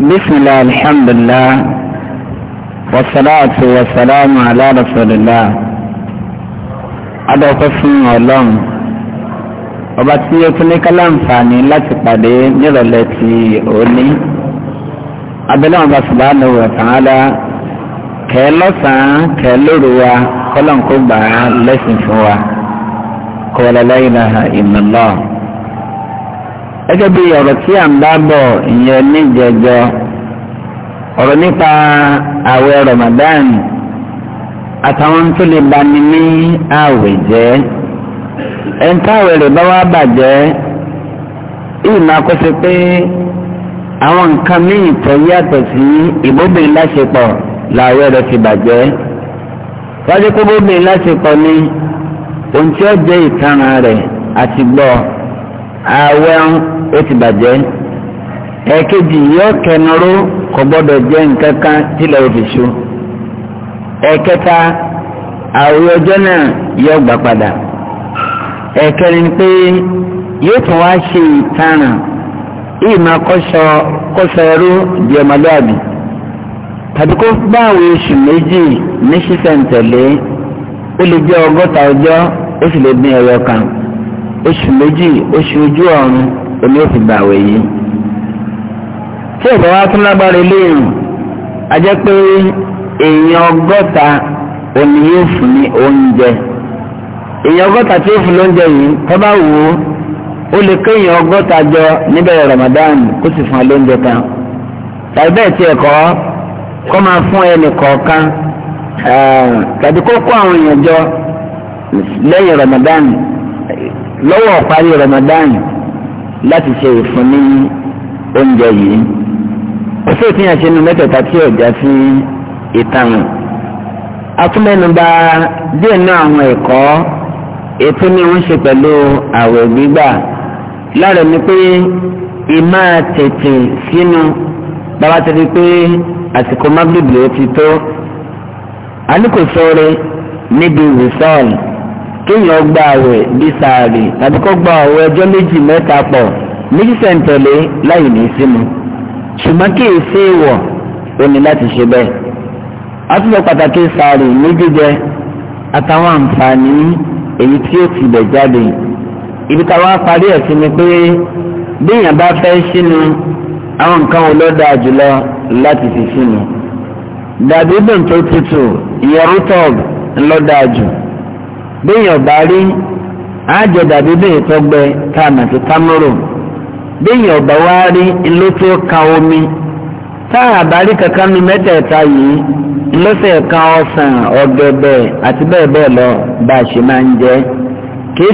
بسم الله الحمد لله والصلاة والسلام على رسول الله adọ́kọ́ fún ọlọ́run ọba tí ó tún ní kálánfààní láti pàdé nírọ̀lẹ́ ti òní abẹ́lẹ́ ọba subhanahu wa ta'ala kẹ́ lọ́sàn-án kẹ́ lóru wa kọ́lọ́n kó gbà á lẹ́sìn fún wa kọ́lá la ilaha illallah gẹ́gẹ́ bí ọ̀rọ̀ tí à ń bá bọ̀ ìyẹn níjẹjọ ọ̀rọ̀ nípa àwẹ̀ Ramadan àtàwọn tó lè bani ní àwẹ̀ jẹ́ ẹ̀ńtàwẹ̀ rẹ̀ bá wá bàjẹ́ ìmọ̀ àkọsí pé àwọn nǹkan míì tó yàtọ̀ sí ìbóbìnrin láṣepọ̀ làwẹ̀ rẹ̀ ti bàjẹ́ wájú kó bóbìnrin láṣepọ̀ ni ohun tí ó jẹ́ ìtanràn rẹ̀ àti gbọ́ àwẹ̀ ń o ti yọ kẹnuró kò jẹ jẹ́ nǹkan kan ẹkẹta òfìṣú ẹ̀ẹ̀kẹta náà yọ gbà padà ẹ̀ẹ̀kẹrin pé yóò tún wá ṣe ìtaràn kọsọ kọ́sọ ẹrú di tàbí kó bá àwọn oṣù méjì ní ṣísẹ̀ntẹ̀lé ó lè jẹ́ ọgọ́ta ọjọ́ ó sì lè ẹyọ kan oṣù méjì oṣù ojú ọ̀run oní òsì gbà àwẹ̀ yìí tí ìgbà wa tún lágbára eléyìí a jẹ́ pé èèyàn ọgọ́ta òní yóò fún ní oúnjẹ èèyàn ọgọ́ta tí ó fún lóúnjẹ yìí tó bá wù ú ó lè kéèyàn ọgọ́ta jọ níbẹ̀rẹ̀ Ramadan kó sì fún alóúnjẹ kan tàbí bẹ́ẹ̀ tiẹ̀ kọ́ kọ́ máa fún ẹnì kọ̀ọ̀kan tàbí kó kó àwọn èèyàn jọ lẹ́yìn Ramadan lọ́wọ́ parí Ramadan láti ṣe ìfún ní oúnjẹ yìí kò sí ìtìyàn ṣe nu mẹ́tẹ̀ẹ̀ta tí ọ̀já sí ìtàwọn atúmẹ́nuba díẹ̀ náà àwọn ẹ̀kọ́ ètò ní wọ́n ṣe pẹ̀lú àwẹ̀ gbígbà lára ni pé ìmá tètè sínú bàbá ti pé àsìkò mágbèbè ó ti tó a níbi wùsọ́ọ̀lù kéèyàn gba àwẹ̀ bí sàárì tàbí kó gba àwẹ̀ ọjọ́ méjì mẹ́ta pọ̀ méjì sẹ̀ǹtẹ̀lé láì ní símu ṣùgbọ́n kí èsì ìwọ̀ ó ní láti ṣe bẹ́ẹ̀. a tún lọ pàtàkì sàárì ní jíjẹ àtàwọn àǹfààní èyí tí ó ti bẹ̀ jáde. ibi táwa parí ẹ̀ sí ni pé bí bá fẹ́ sínú àwọn nǹkan wo ló dáa jùlọ láti fi sínú. dàbí bòǹtó tutù ìyẹrù tọ́ọ̀bù ńlọ́dáa jù. béèyàn bá rí dàbí bẹ́ẹ̀ tọ́gbẹ tá a nàti támúrò béèyàn bá wá rí ló ka omi tá àbárí rí kankan nu mẹ́tẹ̀ẹ̀ta yìí lọ́sẹ̀ kan ọ̀sán àti bẹ́ẹ̀ lọ bá a ṣe máa ń jẹ kìí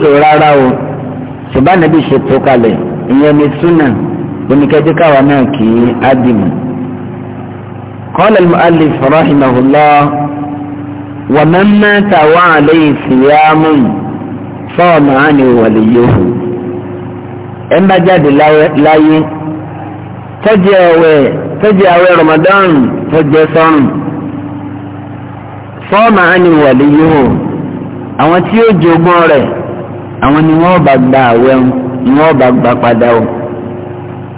ṣe rárá o ṣùgbọ́n ṣe kalẹ̀ ìyẹn súnà قال المؤلف رحمه الله ومن مات وعليه صيام صام عنه وليه ẹ bá jáde láyé tọ́jú ẹ̀wẹ̀ tọ́jú ẹ̀wẹ̀ Ramadan tọ́jú sọ́run sọ́ọ̀mà ánì wàlíyò àwọn tí ó jogún rẹ̀ àwọn ni wọ́n bá gba àwẹ̀ ni wọ́n bá gba padà ọ̀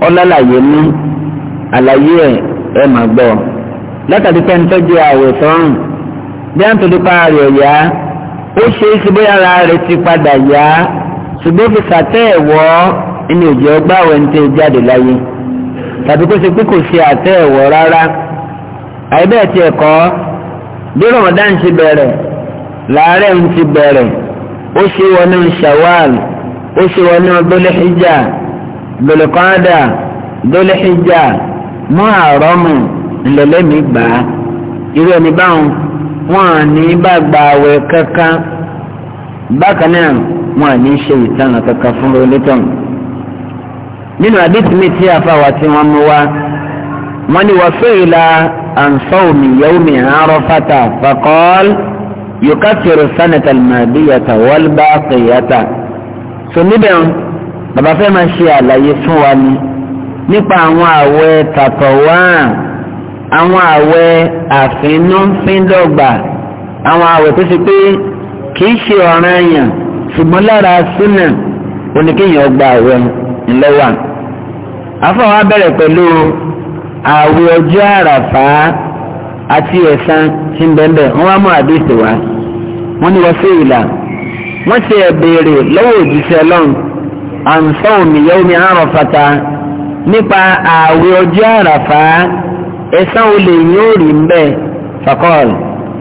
ọ́ lálàyé ní àlàyé ẹ̀ ẹ̀ máa gbọ́ ọ látàdí pé ń tọ́jú àwẹ̀ sọ́rùn bí a ń tọ́jú pa rẹ̀ yá ó ṣe é ṣe bóyá ara rẹ̀ ti padà yá ṣùgbọ́n fi sàtẹ́ẹ̀wọ́ ẹni òjì ọgbà àwẹ̀ ń tẹ́ jáde láyé tàbí kó ṣe pé kò ṣe àtẹ́ẹ̀wọ́ rárá àìbẹ́ẹ̀ ti ẹ̀kọ́ bí ramadan ṣe bẹ̀rẹ̀ làárẹ̀ ń ti bẹ̀rẹ̀ ó ṣe wọnú shawal ó ṣe wọnú dole hijja dole kọ́ńdà dole hijja muharram ńlọlẹ́mí gbà á irú ẹni báwọn wọn à ní bá gba àwẹ̀ kankan bákan náà wọn à ní ṣe ìtàn kankan fún olótọ́n nínú àdìsí mi tí àfàwà tí wọ́n mú wá wọ́n ní wọ́n fẹ́ ìlà ànsọ́ọ̀mì yẹ́wùmí àárọ̀fàtà fàkọ́ọ́l yòókàtìrì sánẹtà màdìyàtà wọ́lbà kìyàtà so níbẹ̀ bàbá fẹ́ máa ṣe àlàyé fún wa ni nípa àwọn àwẹ̀ tàtọ̀ wáà àwọn àwẹ̀ àfínúfíndọ̀gbà àwọn àwẹ̀ tó ṣe pé kìí ṣe ọ̀ranyàn ṣùgbọ́n lára súnà oníkéèyàn gba àwẹ̀ ńlọ́wà afọwọ́ abẹ́rẹ́ pẹ̀lú àwẹ̀ ọjọ́ àràfà àti ẹ̀san tí ń bẹ́ẹ̀ bẹ́ẹ̀ wọ́n wá mú àdéhùn wá wọ́n ní wọ́n sí ìlà wọ́n ti ẹ̀ lọ́wọ́ òjíṣẹ́ lọ́n àǹsọ́ọ̀mì yẹ́wọ́mi nípa àwẹ̀ ọjọ́ àràfà ẹ̀san olè ní ó rí mbẹ́ fakọ́l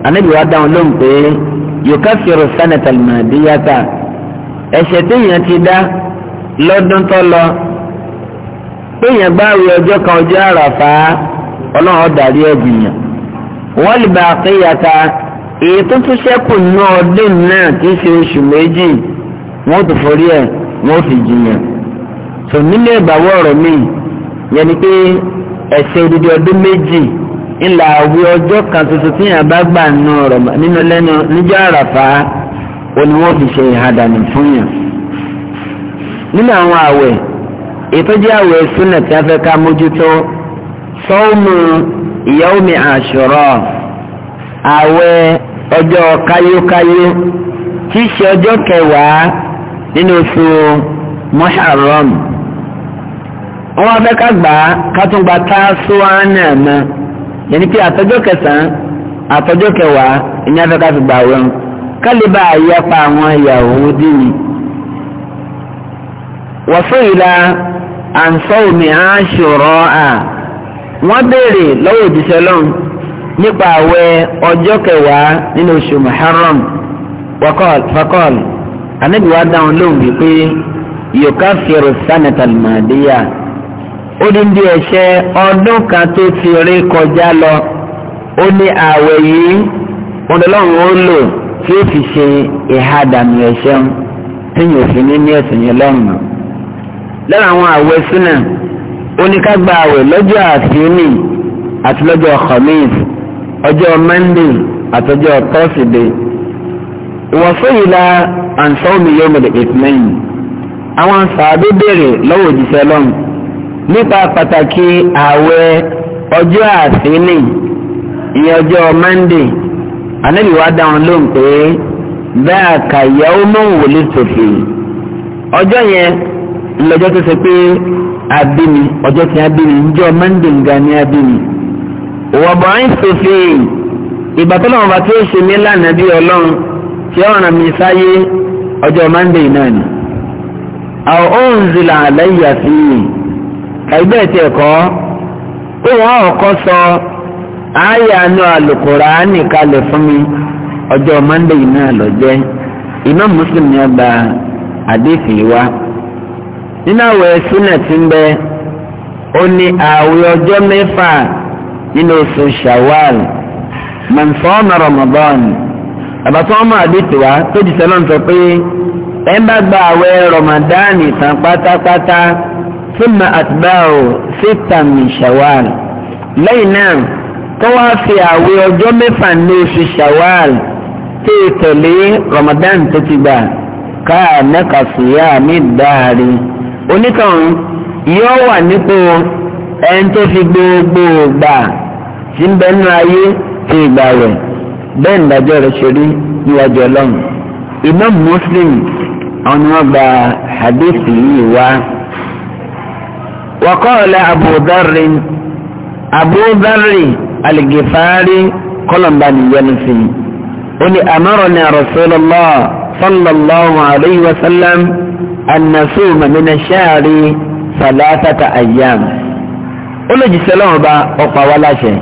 anábì wa dáhùn ló ń pè é yukafiru sanata almadiyata téèyàn ti dá lọ́dún tó lọ téèyàn bá rí ọjọ́ kan ọjọ́ àràfà ọlọ́run ọ̀dàrí ẹ̀jìyàn wọ́n lè bá àkéyàta èyí tó tún ṣẹ́kù ní ọdún náà tí í ṣe oṣù méjì wọ́n ti forí ẹ̀ wọ́n ji jìyàn. so nílé ìbáwọ̀ ọ̀rọ̀ mi yẹn ni pé ẹ̀sẹ̀ odidi ọdún méjì ńlá àwí ọjọ́ kan tuntun tí yàn bá gbà nù rọ̀mọ̀ nínú lẹ́nu níjọ́ àràfà ó wọ́n fi ṣe ìhàdànù fún yàn. nínú àwọn àwẹ̀ ìtọ́jú àwẹ̀ súnà tí a fẹ́ ká mójútó sọ́ọ̀mù ìyáwómi àwẹ̀ ọjọ́ káyókáyó tí wọ́n afẹ́ ká gbà á ká tún gba táṣúwá náà mọ́ yẹn ni pé àtọ́jọ́ kẹsàn-án àtọ́jọ́ kẹwàá ìyẹn afẹ́ ká fi gbà wọ́n kálíbà àyẹ̀pá àwọn Yahudi ni. wọ́n fún ìlà ànsọ́ọ̀mì àṣùrọ̀ à wọ́n béèrè lọ́wọ́ òjíṣẹ́ lọ́n nípa àwẹ̀ ọjọ́ kẹwàá nínú oṣù Muharram fakọ́l anábìwá dáhùn lóhùn wípé yòókà fẹ́rù sanatal màdíyà ó dín díẹ̀ ṣe ọdún kan tó ti rí kọjá lọ ó ní ààwẹ̀ yìí ọdọlọ́run ó lò tí ó fi ṣe ìhádàmì ẹ̀ṣẹ̀ tí yóò fi ní ní ẹ̀sìn yẹn lọ́rùn lára àwọn ààwẹ̀ súnà ó ní ká gba ààwẹ̀ lọ́jọ́ àfínì àti lọ́jọ́ khamis ọjọ́ monday àtọjọ́ thursday wọ́sọ̀yìnlá ànsọ́ọ̀mù yọmọdé àwọn sàádó béèrè lọ́wọ́ òjíṣẹ́ lọ́rùn nípa pàtàkì ààwẹ̀ ọjọ́ àṣírí ìyẹn ọjọ́ Monday Ànábì wa dáhùn lóhùn pé bẹ́ẹ̀ àkàyẹ̀wò mọ́hùn wòlé sòfì ọjọ́ yẹn lọ́jọ́ tó ṣe pé abimi ọjọ́ tí abimi njọ́ Monday nga ní abimi wọ́n bọ̀ ń sòfì ìgbà tó lọ́wọ́ bá tí ó ṣe mí lánàá bí ọlọ́run tí ó ràn mí sáyé ọjọ́ Monday náà ni àwọn ohun àlẹ́ yà sí ẹgbẹ́ ti ẹ̀kọ́ pé wọ́n ọ̀kọ́ sọ àyànú àlùkùránì kalẹ̀ fún mi ọjọ́ mọ́ndé yìí náà lọ jẹ́ Muslim ni ọba àdéfì wa nínú àwẹ̀ súnà ti ń bẹ ó ní àwẹ̀ ọjọ́ mẹ́fà nínú oṣù Ramadan àbàtọ́ ọmọ àdéfì wa tó sọ Ramadan tán pátápátá. thumma atba'u sittan min shawal lẹ́yìn náà kó wá fi àwẹ̀ ọjọ́ mẹ́fà ní oṣù shawal tí ì tẹ̀lé ramadan tó ti gbà káà mẹ́ka síyá mi dáàrí oníkan yóò wà nípò ẹni tó fi gbogbo gbà tí ń bẹnu ayé tí ì gbà wẹ̀ bẹ́ẹ̀ ìdájọ́ rẹ̀ ṣe rí níwájú ọlọ́run Imam Muslim àwọn ni wọ́n gba hadithi yìí wá. وقال أبو ذر أبو ذر الغفاري قلن بني ينسي قل أمرنا رسول الله صلى الله عليه وسلم أن نصوم من الشهر ثلاثة أيام قل جسلوه با أقوى ولا شيء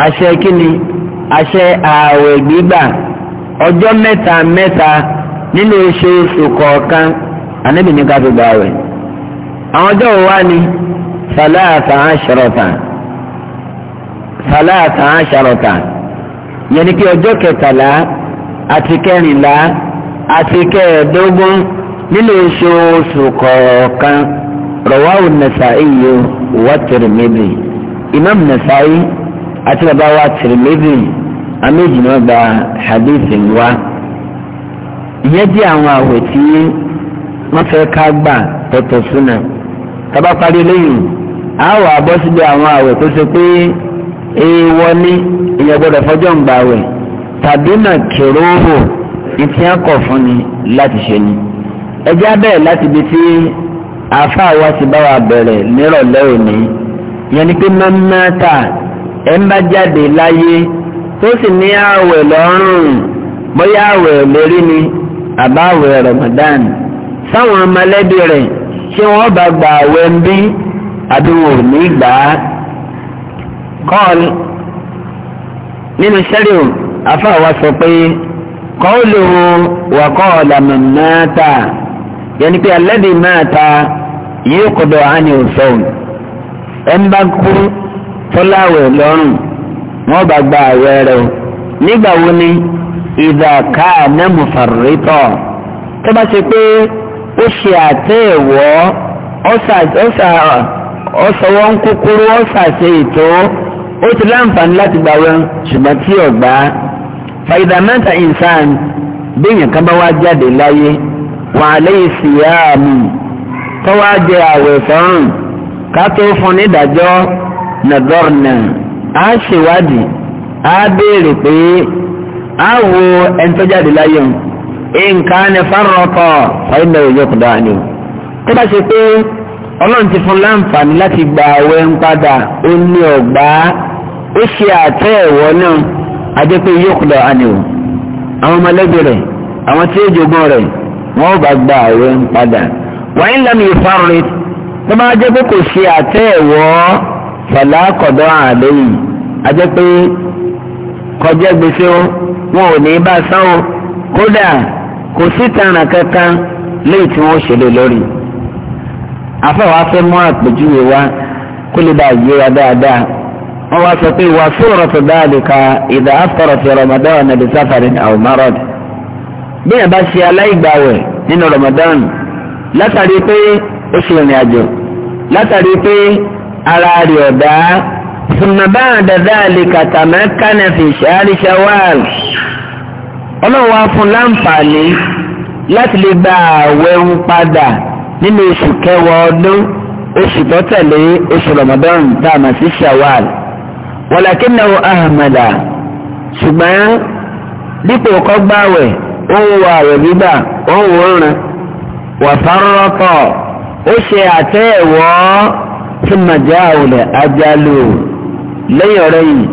أشياء كني أشياء آوي بيبا ọjọ́ mẹ́ta mẹ́ta nínú oṣooṣù kọ̀ọ̀kan anábìnrin ká fi gbà àwọn ọjọ́ wa ni sàlàtà àṣàrọ̀tà sàlàtà àṣàrọ̀tà yẹn ni pé ọjọ́ kẹtàlá àti kẹrìnlá àti kẹẹ̀ẹ́dógún nínú oṣooṣù kọ̀ọ̀kan rọ̀wáwù nàṣàì yìí wà tìrìmẹ́bì imam nàṣàì àti bàbá wa tìrìmẹ́bì àméjì náà gba hadithi wa ìyẹn jẹ́ àwọn àwẹ̀ wọ́n fẹ́ ká gbà tọ̀tọ̀ súnà tàbá parí lẹ́yìn a wà bọ́ síbi àwọn àwẹ̀ tó ṣe pé èèwọ̀ ní ìyẹn gbọ́dọ̀ fọjọ́ ń gbà àwẹ̀ tàbí nà kìròhò ìtì akọ̀ fún ni láti ṣe ni ẹjẹ́ abẹ́ẹ̀ láti ibi tí àáfà wa ti bá wa bẹ̀rẹ̀ nírọ̀lẹ́ òní yẹn ni pé mọ́mọ́ta ẹ̀ ń bá jáde láyé tó sì ní àwẹ̀ lọ́rùn bóyá àwẹ̀ lérí ni àbáwẹ̀ Ramadan sáwọn ọmọlẹ́bí rẹ̀ ṣé wọ́n bá gba àwẹ̀ ń bí àdúgbò ní ìgbà kọ́ọ̀lù nínú sẹ́ríù afáwa sọ pé kọ́ọ̀lù wà kọ́ọ̀lù àmàmáta yẹn pé alẹ́bí máa ta yìí kọ̀dọ̀ àní òṣòwò ẹ̀ ń bá kú tọ́láwẹ̀ lọ́rùn wọ́n bá gba àwẹ̀ rẹ̀ o nígbà wo ni ìdàkà náà tó bá ṣe pé ó ṣe àtẹ̀wọ́ ó sọwọ́ ń kúkúrú ó ṣàṣe ètò ó ti láǹfààní láti gbà wọn ṣùgbọ́n tí ò gbà á. fàyidà mẹ́ta ìsàn bíyàn kan bá wá jáde láyé wọn àléyìn sí ìyá mi tọ́wọ́ jẹ àwẹ̀ sọ́run ká tó fún nídàjọ́ nàdọ́rnà á ṣèwádìí á béèrè pé á wo ẹni tó jáde láyé wọn. nǹkan fárọ̀kọ̀ ọ̀yìnbó ìjọkùdọ̀ tó bá pé ọlọ́run ti fún láǹfààní láti gba àwẹ̀ ń o. àwọn rẹ̀ àwọn tí ó jogún rẹ̀ wọ́n bá gba àwẹ̀ ń padà. lẹ́nu tó bá jẹ́ pé kò ṣe àtẹ́ kọ̀dọ̀ àlẹ́yìn ajẹ́ pé kọjá gbèsè kò sí tààrà kankan léyìí tí wọ́n ṣe lè lórí afẹ́wà fẹ́ mú àpèjúwe wa kó lè bá yé wa dáadáa wọ́n wá sọ pé wà sóòrò tó dáàlì ka ìdá àfọ̀rọ̀ ti Ramadan nàbí sáfàrin aw marad bí yẹn bá ṣe aláìgbàwẹ̀ nínú Ramadan látàrí pé ó ṣe ìrìn àjò látàrí pé ara rẹ̀ ọ̀dá sùnmọ́ bá àdàdà àlè kàtàmẹ́kànnà fi ṣáàlì ṣáwáàlì ọlọ́run wá fún láǹfààní láti lè gba ààwẹ̀ ń padà nínú oṣù kẹwàá ọdún oṣù tó tẹ̀lé oṣù Ramadan tá a mọ̀ sí Shawwal wàlàkínàwó ahàmàdà ṣùgbọ́n dípò kó gbààwẹ̀ ó ń wo ààwẹ̀ gbígbà ó ń wòran wàfárọ́kọ̀ ó ṣe àtẹ̀wọ́ tí màjá àwòlẹ̀ ajálù lẹ́yìn ọ̀rẹ́ yìí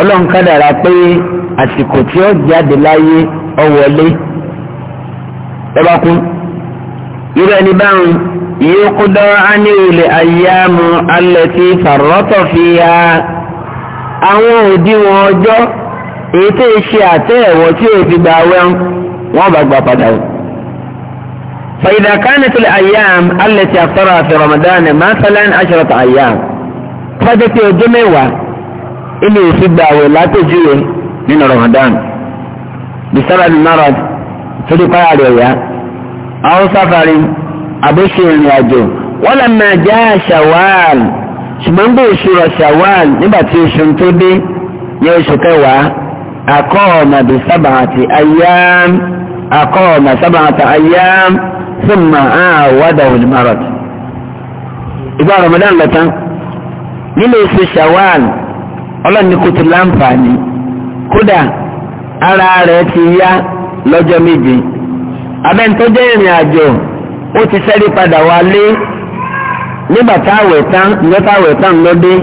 ọlọ́run kádàrá pé àsìkò tí ó jáde láyé ó wọlé lọ́ba kú irú ẹni báwọn yóò kú dọ́rọ́ á ní ilẹ̀ ayéhámu alẹ́ tí fàrọ́tọ̀ fi ya àwọn òdiwọ̀n ọjọ́ èyí tó ṣe àtẹ́ tí ó fi gbà wẹ́n wọ́n bá gbà padà wọ́n. فإذا كانت الأيام التي أفطرها في رمضان مثلا عشرة أيام فجت يوم جمعة ilé òsì gba àwẹ̀ látòjúwe nínú Ramadan bisara ni marad torí páyà rẹ̀ yá àwọn sáfari àbóṣe ìrìn àjò wọn lè máa já ṣàwáàl ṣùgbọ́n bí oṣù rọ̀ ṣàwáàl nígbà tí oṣù tó dé ní oṣù kẹwàá akọ́ọ̀mà bí sábàtì ayyám akọ́ọ̀mà sábàtì ayyám súnmà àwọ̀dà òní marad ìgbà Ramadan lọ tán nílé oṣù ṣàwáàl ọlọ́run ní kò ti láǹfààní kódà ara rẹ̀ ti yá lọ́jọ́ méje abẹ́ntọ́jẹ́ ìrìn àjò ó ti sẹ́rí padà wálé nígbà táwẹ̀ tán ìjọ táwẹ̀ tán lọ́dé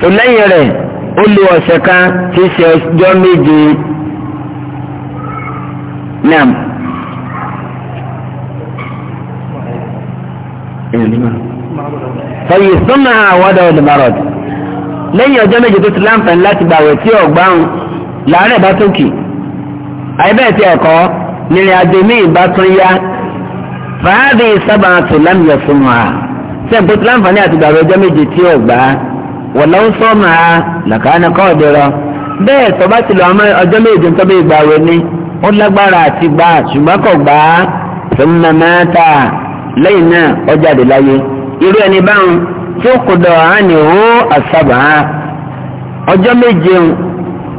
tó lẹ́yìn rẹ̀ ó lo ọ̀sẹ̀ kan tí í ṣe ọjọ́ méje náà. fẹ̀yìntàn náà wọ́dọ̀ lẹ́yìn ọjọ́ méje tó ti láǹfààní láti gbàwẹ̀ tí ọ̀gbáhùn làárẹ̀ bá tún kì àìbẹ́ẹ̀ tí ẹ̀kọ́ nílẹ̀ àjò míì bá tún yá fàáàdì sábà tó lámìyàn fún wa sẹ́ǹpẹ́ tí láǹfààní àti gbàwẹ̀ ọjọ́ méje tí ọ̀gbá wọ̀ lọ́wọ́ sọ́ọ̀mù ha làkàánà kọ́ọ̀dé rọ bẹ́ẹ̀ tó bá ti lọ ọjọ́ méje tó bí gbàwẹ̀ ni ó lágbára àti gbà ṣùgbọ́n kò tí ó kò dọ̀ á ní ó àṣàbà á ọjọ́ méje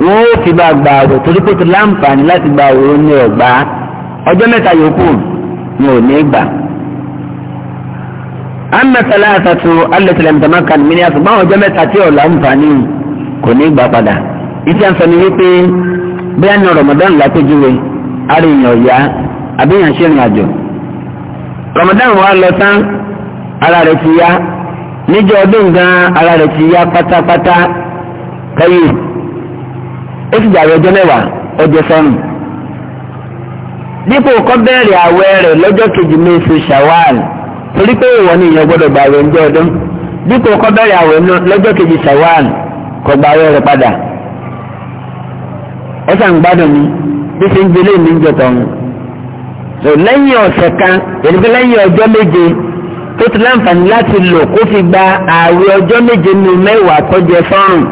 wọn ó fi bá gba àwò torí pé tó láǹfààní láti gba àwò ní ọ̀gbá ọjọ́ mẹ́ta yòókù ni ò ní gbà. amẹ́tàlá àtàtù alẹ́tẹ̀lẹ̀ mùtàmákà ní mílíọ̀nù báwọn ọjọ́ mẹ́ta tí ò láǹfààní kò ní gbà padà ìtí àǹfà ni wípé bóyá ní Ramadan lápéjúwe àríyàn ọ̀yá àbíyàn ṣe ìrìn wà lọ tán ara rẹ̀ ti yá níjọ ọdún gan ara rẹ̀ ti yá pátápátá kẹ́yì ó sì gbàgbé ọjọ́ mẹ́wàá ọjọ́ sọ́nù dípò kọ́ bẹ̀rẹ̀ àwẹ̀ rẹ̀ lọ́jọ́ kejì mẹ́sù shawal torí pé ìwọ ni ìyẹn gbọ́dọ̀ gbàgbé ọjọ́ ọdún dípò kọ́ bẹ̀rẹ̀ àwẹ̀ lọ́jọ́ kejì shawal kọ́ gbàgbé rẹ̀ padà ó sàn gbádùn mi bí ṣe ń gbélé mi ń jọ tọ̀hún lẹ́yìn ọ̀sẹ̀ kan èdè lẹ́yìn ọjọ́ méje ó ti láǹfààní láti lò kó fi gba ààwẹ̀ ọjọ́ méje nínú mẹ́wàá tọ́jẹ fọ́rùn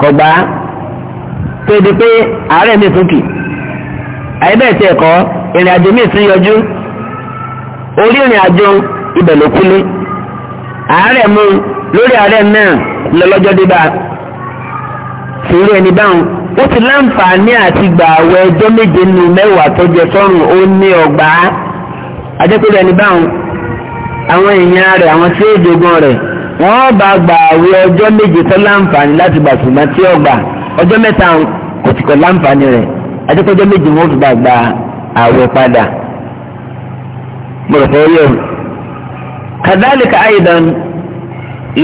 kọ̀gbá tó di pé àárẹ̀ mi tún kì àyẹ́bẹ̀ tí ẹ̀kọ́ ìrìn àjò mi tún yọjú orí ìrìn àjò ibẹ̀ ló kúlé àárẹ̀ mu lórí àárẹ̀ náà lọ́lọ́jọ́ débà sùúrù ẹni báwọn ó ti láǹfààní àti gbà ààwẹ̀ ọjọ́ méje nínú mẹ́wàá tọ́jẹ fọ́rùn ó ní ọgbà ajẹ́pẹ́lẹ́ ẹni báwọn. àwọn èèyàn rẹ̀ àwọn tí ó jogun rẹ̀ wọ́n bá gba àwẹ̀ ọjọ́ méje tó láǹfààní láti gbà ṣùgbọ́n tí ó gbà ọjọ́ mẹ́ta kò tí kò láǹfààní rẹ̀ adékọ́jọ́ méje wọ́n fi gba àwẹ̀ padà. mo rò pé ó ka o. kàdálíkà àyìdán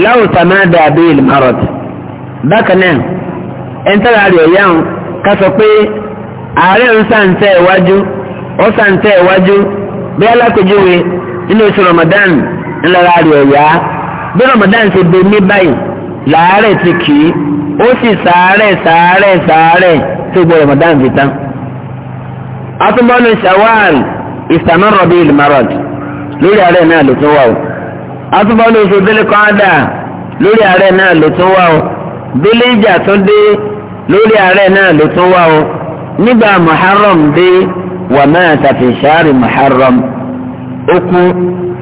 láwùsà máa dà bí ìlmarot bákan náà ẹ̀ńtẹ́rà rẹ̀ yá o ká sọ pé ààrẹ ń sàǹtẹ̀ iwájú ó sàǹtẹ̀ iwájú bí nínú oṣù Ramadan ńlára rẹ̀ ọ̀yá bí Ramadan ṣe dé ní báyìí làárẹ̀ ti kì í ó sì sàárẹ̀ sàárẹ̀ sàárẹ̀ tó gbọ́ Ramadan fi tán. atúbọ̀nù Shawwal istamarra bil marad lórí àárẹ̀ náà ló tún wà o atúbọ̀nù oṣù Dhul-Qa'da lórí àárẹ̀ náà ló tún wà o Dhul-Hijja tún dé lórí àárẹ̀ náà ló tún wà o nígbà Muharram dé wa mata fi shahri Muharram ó kú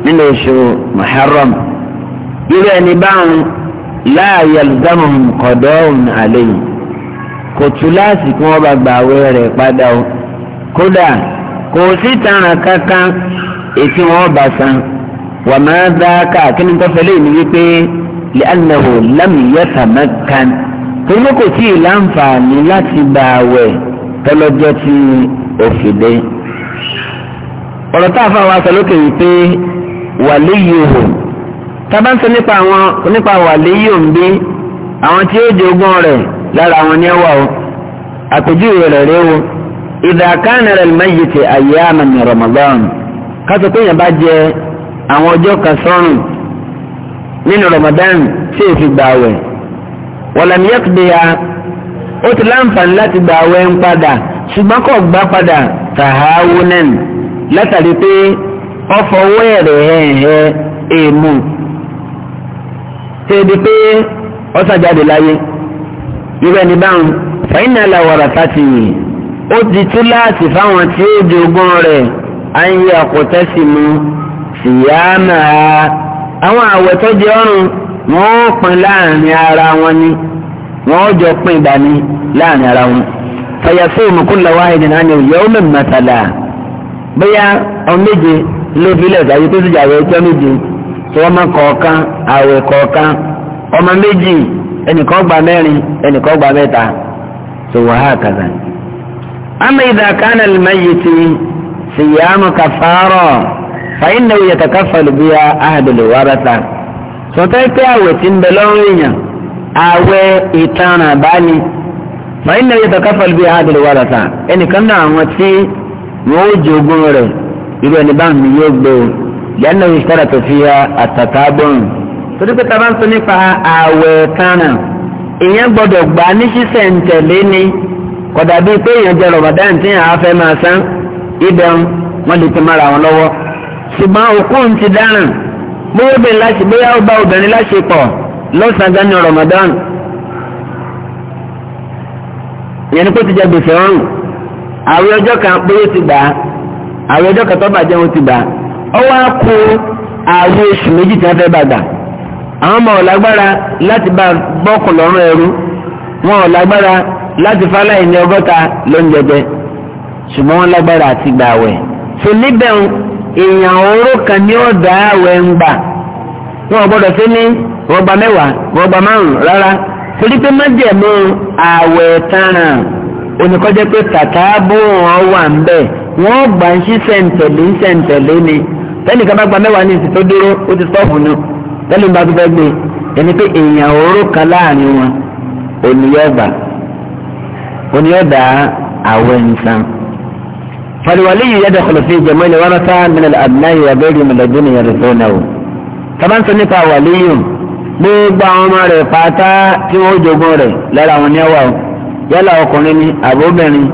nínú oṣù muharram irú ẹni báwọn láàyè alùdámọ̀n kọ̀dọ̀ ọ̀hún àlẹ́yìn kò tú láàsì kí wọ́n bá gba àwẹ̀ rẹ̀ padà o kódà kò sí tàràn kankan ètí wọn bá san wà má dáká kí ni tọ́fẹ́ lè ní wípé lẹ́nàwó lámìyẹ́ta mẹ́kan torí kò tí ì láti gba àwẹ̀ tọ́lọ́jọ́ tí òfìdé ọ̀rọ̀ tá a fà wá sọ lókè wípé wàlíyòhò tábà ń sọ nípa àwọn nípa wàlíyò ń bí àwọn tí ó jogún rẹ̀ lára àwọn ní ẹwà o àpèjúwe rẹ̀ rẹ̀ o ìdàkánà rẹ̀ méjì ti àyè àmàmì Ramadan kásò pé yẹn bá jẹ àwọn ọjọ́ kan sọ́run nínú Ramadan tí èsì gbà wẹ̀ wọ̀làmíyàkùdìyà ó ti láǹfààní láti gbà wẹ̀ ń padà ṣùgbọ́n kò gbà padà tàhàwù náà látàrí pé ọfọwọ́ ẹ̀rẹ̀ ẹ̀hẹ́ èèmù tẹ́ẹ̀dí pé ọ̀sàjáde láyé irú ẹni báwọn fàyínà làwàrà tàti ó di tú láti fáwọn tí ó di ogún rẹ̀ à ń yẹ àkọ́tẹ́ sí mu síyáàmà àwọn àwẹ̀ tó di ọrùn wọ́n ó pin láàrin ara wọn ni wọ́n ó jọ pin ìgbà ni láàrin ara wọn fàyàfóònù kúlọ̀ wáyé nìyẹn ní òye ó mẹ́mẹ́ta dáa. bóyá ọmọ méje ló fi lẹ́ẹ̀ta yìí tó sì jà wẹ́ẹ́ tí méje tí wọ́n máa kọ̀ọ̀kan àwẹ̀ kọ̀ọ̀kan ọmọ méjì ẹnìkan gba mẹ́rin ẹnìkan gba mẹ́ta tó wà á kàdà. ama ìdá kánà lìmẹ́yìí ti ka kàfàárọ̀ fàyín náà yẹ kàkà ya àhàdùlù wàràtà. sọtẹ́ pé àwẹ̀ ti ń bẹ lọ́rùn èèyàn àwẹ̀ ìtàn àbáni fàyín náà yẹ kàkà fàlùbí ya ẹnìkan náà àwọn tí. wọn ó jogún rẹ̀ irú ẹni bá mi yóò gbé o yánà ìṣẹ́ra tó fi ya àtàtà bọ́ọ̀n. torí pé tábà ń sọ nípa ààwẹ̀ kánà ìyẹn gbọ́dọ̀ gbà ní ṣíṣẹ̀ ń tẹ̀lé ni kódà bíi pé èèyàn jẹ rọ̀mọ̀dán tí àwọn afẹ́ máa san ibẹ̀ wọn lè ti mara wọn lọ́wọ́ ṣùgbọ́n òkú ń ti dáràn bóyá obìnrin láṣẹ bóyá ó bá obìnrin láṣẹ pọ̀ lọ́sàn-án gan ni rọ̀mọ̀dán ìyẹn ni kó ti jẹ gbèsè ọ̀rùn àwọn ọjọ́ kan bóyá ti gbà á àwọn ọjọ́ kan tó bàjẹ́ wọn ti gbà á ọwọ́ á kó àwọn oṣù méjì tí wọ́n fẹ́ bàgbà àwọn ọmọ ọ̀lágbára láti bá bọ́ọ̀kù lọ́rùn ẹrú wọn ọ̀lágbára láti fáláì ní ọgọ́ta ló ń jẹjẹ ṣùgbọ́n wọn lágbára àti gbà àwẹ̀ tó níbẹ̀ èèyàn oró kan ní ọ̀dà àwẹ̀ ń gbà wọn gbọ́dọ̀ sí ní wọ́n gba mẹ́wàá wọ́n gba márùn-ún rárá torí pé má àwẹ̀ tán náà oníkọ́jẹ́ pé tàtàbù wọn wà ń bẹ̀ wọ́n gbà ń ṣí sẹ̀ǹtẹ̀lé ń sẹ̀ǹtẹ̀lé ni tẹ́nìkan bá gba mẹ́wàá ní ìsìn tó dúró ó ti sọ́ọ̀fù ni tẹ́lẹ̀ ń bá tó fẹ́ gbé ẹni pé èèyàn oró kan láàrin wọn oníyọ̀gbà oníyọ̀dà àwọ̀ ẹ̀ǹsán. fàlùwàlì yìí yẹ́dẹ̀ kọlọ̀fì ìjẹ̀mọ́ ilẹ̀ wọn ta minal abnai wa ghairi mọ̀lẹ́dún yarithūnahu. tabanso nípa wàlíyùn gbogbo àwọn ọmọ rẹ̀ pátá tí wọ́n jogun rẹ̀ lára àwọn níwáwó yálà ọkùnrin ni àbóbìnrin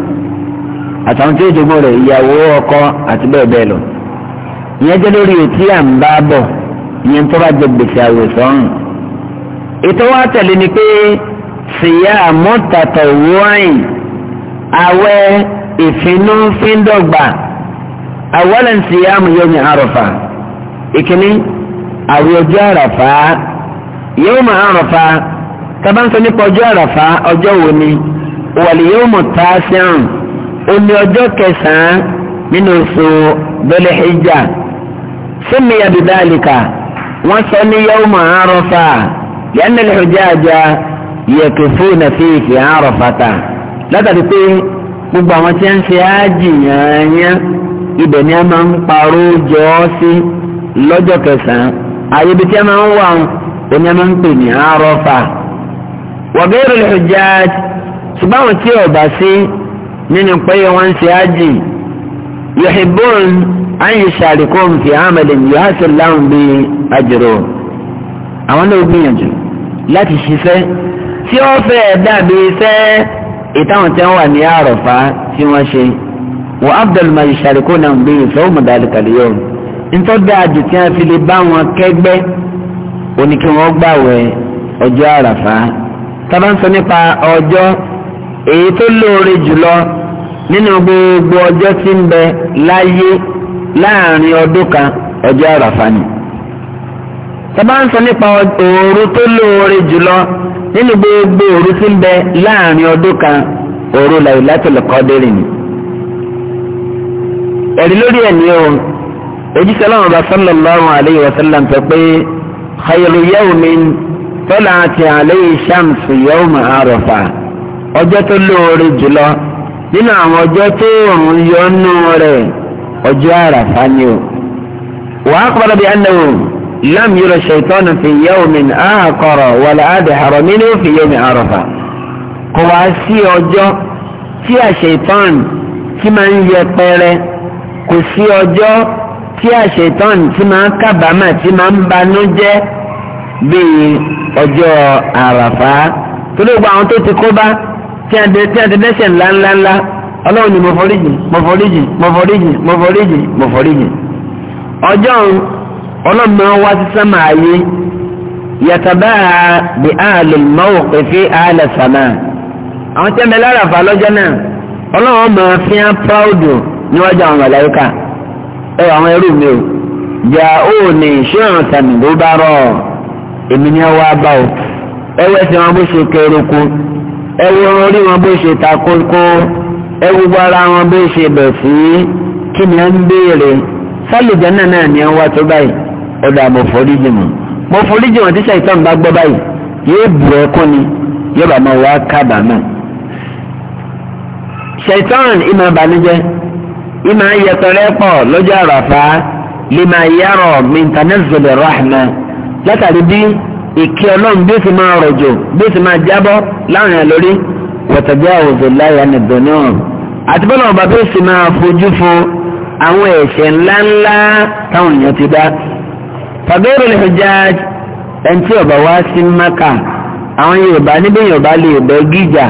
àtàwọn tí ó jogún rẹ̀ ìyàwó ọkọ àti bẹ́ẹ̀ bẹ́ẹ̀ lọ ìyẹn jẹ́ lórí etí à ń bá bọ̀ ìyẹn tó bá jẹ gbèsè àwẹ̀ sọ́run ètò wa tẹ̀lé ni pé ṣìyà àmọ́tàtọ̀ wọ́ọ̀yìn àwẹ̀ ìfinúfíndọ̀gbà àwọ̀lẹ̀ ṣìyà àmúyẹ́ ní àròfà ìkíní àwẹ̀ ọjọ́ àràfà yóò máa àròfà tábà ń sọ àràfà ọjọ́ wo ni wàlíyọ́mù tààsírùn ó ní ọjọ́ kẹsàn-án nínú oṣù Dhul-Hijjah sínú yabidálìkà wọ́n sọ ní yọ́mù àárọ̀fà yẹn lè hujjaja yẹ̀kẹ̀fó nà fi ìfì àárọ̀fàtà látàrí pé gbogbo àwọn tí ń ṣe ájì yànyàn ibẹ̀ ni a máa ń parọ́ jọ ọ́ sí lọ́jọ́ kẹsàn-án àyè ibi tí a máa ń wà ó ní a máa ń pè ní àárọ̀fà wàgẹ́rù lè ṣùgbọ́n àwọn tí ọ̀bà sí nínú pé wọ́n ń ṣe ájì yòhìbọ́n àyìn ṣàríkó nfi ahmed yohasi láwọn bí àjòrò àwọn náà gbìyànjú láti ṣiṣẹ́ tí ó fẹ́ dàbí iṣẹ́ ìtàwọn tí wọ́n wà ní àròfá tí wọ́n ṣe wọ́n abdul mayi ṣàríkó náà bí ìfẹ́wọ́ mọ̀dálì kàlíyọ̀ nítorí dáadì tí wọ́n fi lè bá wọn kẹ́gbẹ́ oníkí gbàwẹ̀ ọjọ́ àràfá tábà ń sọ nípa ọjọ́ èyí tó lóore jùlọ nínú gbogbo ọjọ́ tí ń bẹ láyé láàrin ọdún kan ọjọ́ àràfà ni. tọ́ba ń sọ nípa òru tó lóore jùlọ nínú gbogbo òru tí ń bẹ láàrin ọdún kan òru Lailatul Qadri ni. ẹ̀rí lórí ẹ̀ ní o ojúṣe aláwọ̀ bá sallallahu alayhi wa sallam sọ pé khayru yawmin tala'at alayhi shamsu yawma Arafa ọjọ́ tó lóore jùlọ nínú àwọn ọjọ́ tó òòrùn yọ nù rẹ̀ ọjọ́ àràfá ni o. wà á kọ́ra bí ẹnìwò lam yúrọ ṣètọ́nù fi yawmin àkọrọ̀ wàlẹ̀ àdìhàrọ̀ nínú fi yawmi àràfá. kò wá sí ọjọ́ tí àṣetán tí máa ń yẹ pẹrẹ kò sí ọjọ́ tí àṣetán tí máa ń kábàámà tí máa ń banú jẹ́ bíi ọjọ́ àràfá. torí gbogbo àwọn tó ti kó bá. tí a a ọjọ́ wá ayé yàtàbá bí àlè mọ́wò pé fi àlè sàmà àwọn tí a bẹ lára fà lọ́jọ́ náà pàódù níwájú àwọn o jà ó ní wá ẹ wo orí wọn bó ṣe ta kókó ẹ gbogbo ara wọn bó ṣe bẹ̀ sí kí ni ẹ ń béèrè sálùjẹ́ náà náà ni ẹ wá tó báyìí ọ̀dà mo foríjì mọ́ mo foríjì wọn tíṣà ìtàn bá gbọ́ báyìí yóò bù ẹkún ni yóò bá máa wá kábàámọ̀ ṣètọ́n ìmọ̀ ìbànújẹ́ ìmọ̀ ayẹtọrẹ pọ̀ lọ́jọ́ àràfà lè máa yàrá mìntánẹ́sì lè rọ́ọ̀hánà látàrí bí ìkẹ́ ọlọ́run bí ó sì máa rọ̀jò bí ó sì máa jábọ́ láàrin àlórí wọ̀tẹ̀gbẹ́ àwòzò láyà nìgbọ̀n náà àti bọ́lá ọba bí ó sì máa fojú fún àwọn ẹ̀ṣẹ̀ ńláńlá táwọn èèyàn ti dá. fàbẹ́rù lè fi já ẹni tí ọba wá sí Mákà àwọn Yorùbá níbí Yorùbá lè bẹ́ gíjà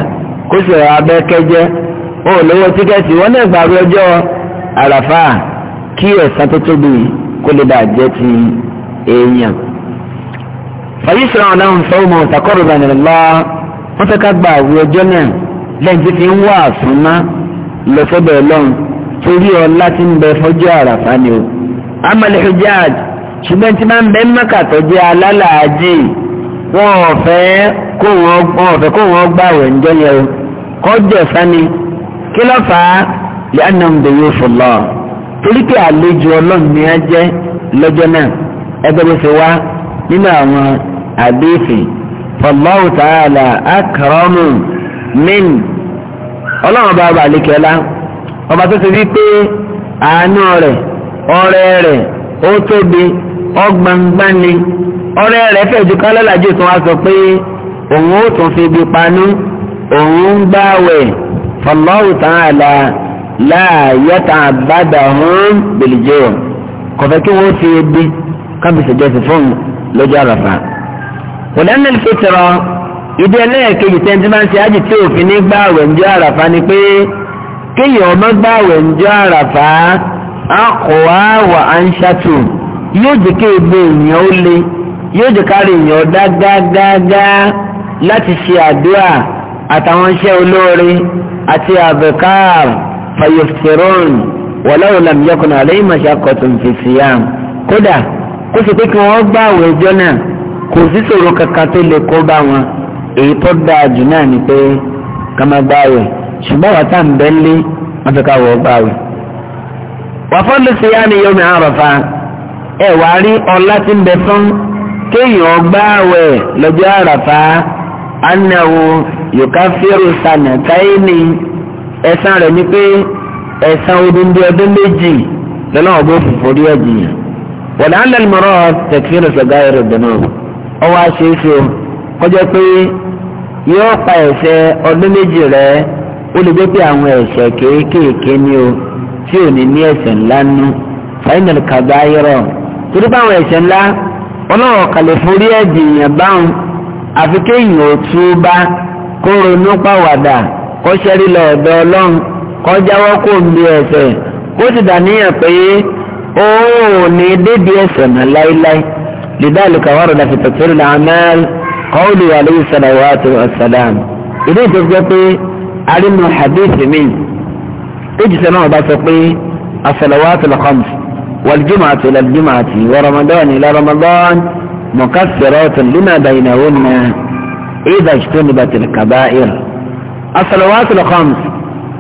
kó sì rọ abẹ́ kẹjẹ ó lówó tíkẹ́ẹ̀tì wọ́n lè gbàgbé ọjọ́ àràfà kí ẹ̀san tó tóbi kó lè bàjẹ́ ti èèyàn fàyíṣẹ́ àwọn aláhùn sọ́wọ́mọ̀ ìtàkọ́rọ̀ ìbànilá wọ́n fẹ́ ká gba àwẹ̀ ọjọ́ náà lẹ́yìn tí fi ń wá àfúnná lọ́sọ́dọ̀ ọlọ́run torí ọlá tí ń bẹ fọ́jọ́ àràfá ni o. amali hujjaj ṣùgbọ́n tí máa ń bẹ mẹ́kà tó jẹ́ alálàájì wọn ò fẹ́ kó wọn gbà àwẹ̀ ńjọ́ yẹn o kọjọ sani kí ló fà á lè ànàmdè yóò fò torí pé àlejò ọlọ́run ni á jẹ́ lọ́jọ́ náà ẹgbẹ́ nínú àwọn àdéhìí fọlọ́wù tààlà àkàrọ́mù min ọlọ́run bá bá lékẹ́lá ọba tó ti rí pé àánú rẹ̀ ọrẹ́ rẹ̀ ó tóbi ọgbọ̀ngbani ọrẹ́ rẹ̀ fẹ̀jú kálọ́làjì tó wá sọ pé òun ó tún fi ibi panú òun ń gbáwẹ̀ fọlọ́wù tààlà láàyè tá a bá dà kọ̀fẹ́ kí wọ́n fi ebi kábíyèsí jẹ́sí fún un lójú àràfà. wòlẹ́nì fìtìrọ ìdí ẹlẹ́ẹ̀kejì tẹ́ ti máa ń ṣe ájì tí òfin ní gbà àwẹ̀ ń jọ àràfà ni pé kéèyàn ọmọ gbà àwẹ̀ ń jọ àràfà akọ̀wá wà á ń ṣàtù yóò jẹ́ kí egbò èèyàn ó le yóò jẹ́ kárí èèyàn dá gágágá láti ṣe àdúrà àtàwọn iṣẹ́ olóore àti àbẹ̀káàr fayọ̀fẹ̀rọ̀n wọ̀lọ́wọ̀lọ́m yọkùnrin àlẹ́ ìmọ̀ṣà kọ̀tùn fìfìyàm kódà kó sì pé kí wọ́n gbà ẹjọ́ náà kò sí kankan tó lè kó bá wọn èyí tó dáa jù náà ni pé ká máa gbà àwẹ̀ ṣùgbọ́n wàá tà ń bẹ́ lé wọ́n ká wọ́ gbà wà yáni ẹ wàá rí ọlá tí ń bẹ fún kéèyàn gbà lọ́jọ́ àràfà rẹ̀ ni pé ọdún méjì lọ́nà wọ̀dà ńlẹ̀ mọ̀rọ̀ tẹ̀kírì sọ̀gáyìrì dùnú ọwọ́ àṣeéṣe kọjá pé yóò pa ẹ̀ṣẹ̀ ọdún méjì rẹ̀ ó lè gbé pé àwọn ẹ̀ṣẹ̀ kéékèèké ni o tí ò ní ní ẹ̀ṣẹ̀ ńlá nú fàínàlì kàgáyìrọ̀ torí báwọn ẹ̀ṣẹ̀ ńlá ọlọ́wọ́ kàlẹ́ forí ẹ̀dìyàn báwọn àfi kéèyàn ò túbá kó ronú pàwàdà kó ṣẹ́rí lọ́ọ̀dọ̀ ọlọ́run kó jáwọ́ kó ń bí ẹ̀ṣẹ̀ kó sì dàníyàn pé أوه نديد يسمى لاي لاي لذلك ورد في تكفير الأعمال قولي عليه الصلوات والسلام إذن تفجأتي علم الحديث من اجتماع بسقي الصلوات الخمس والجمعة إلى الجمعة ورمضان إلى رمضان مكسرات لما بينهن إذا اجتنبت الكبائر الصلوات الخمس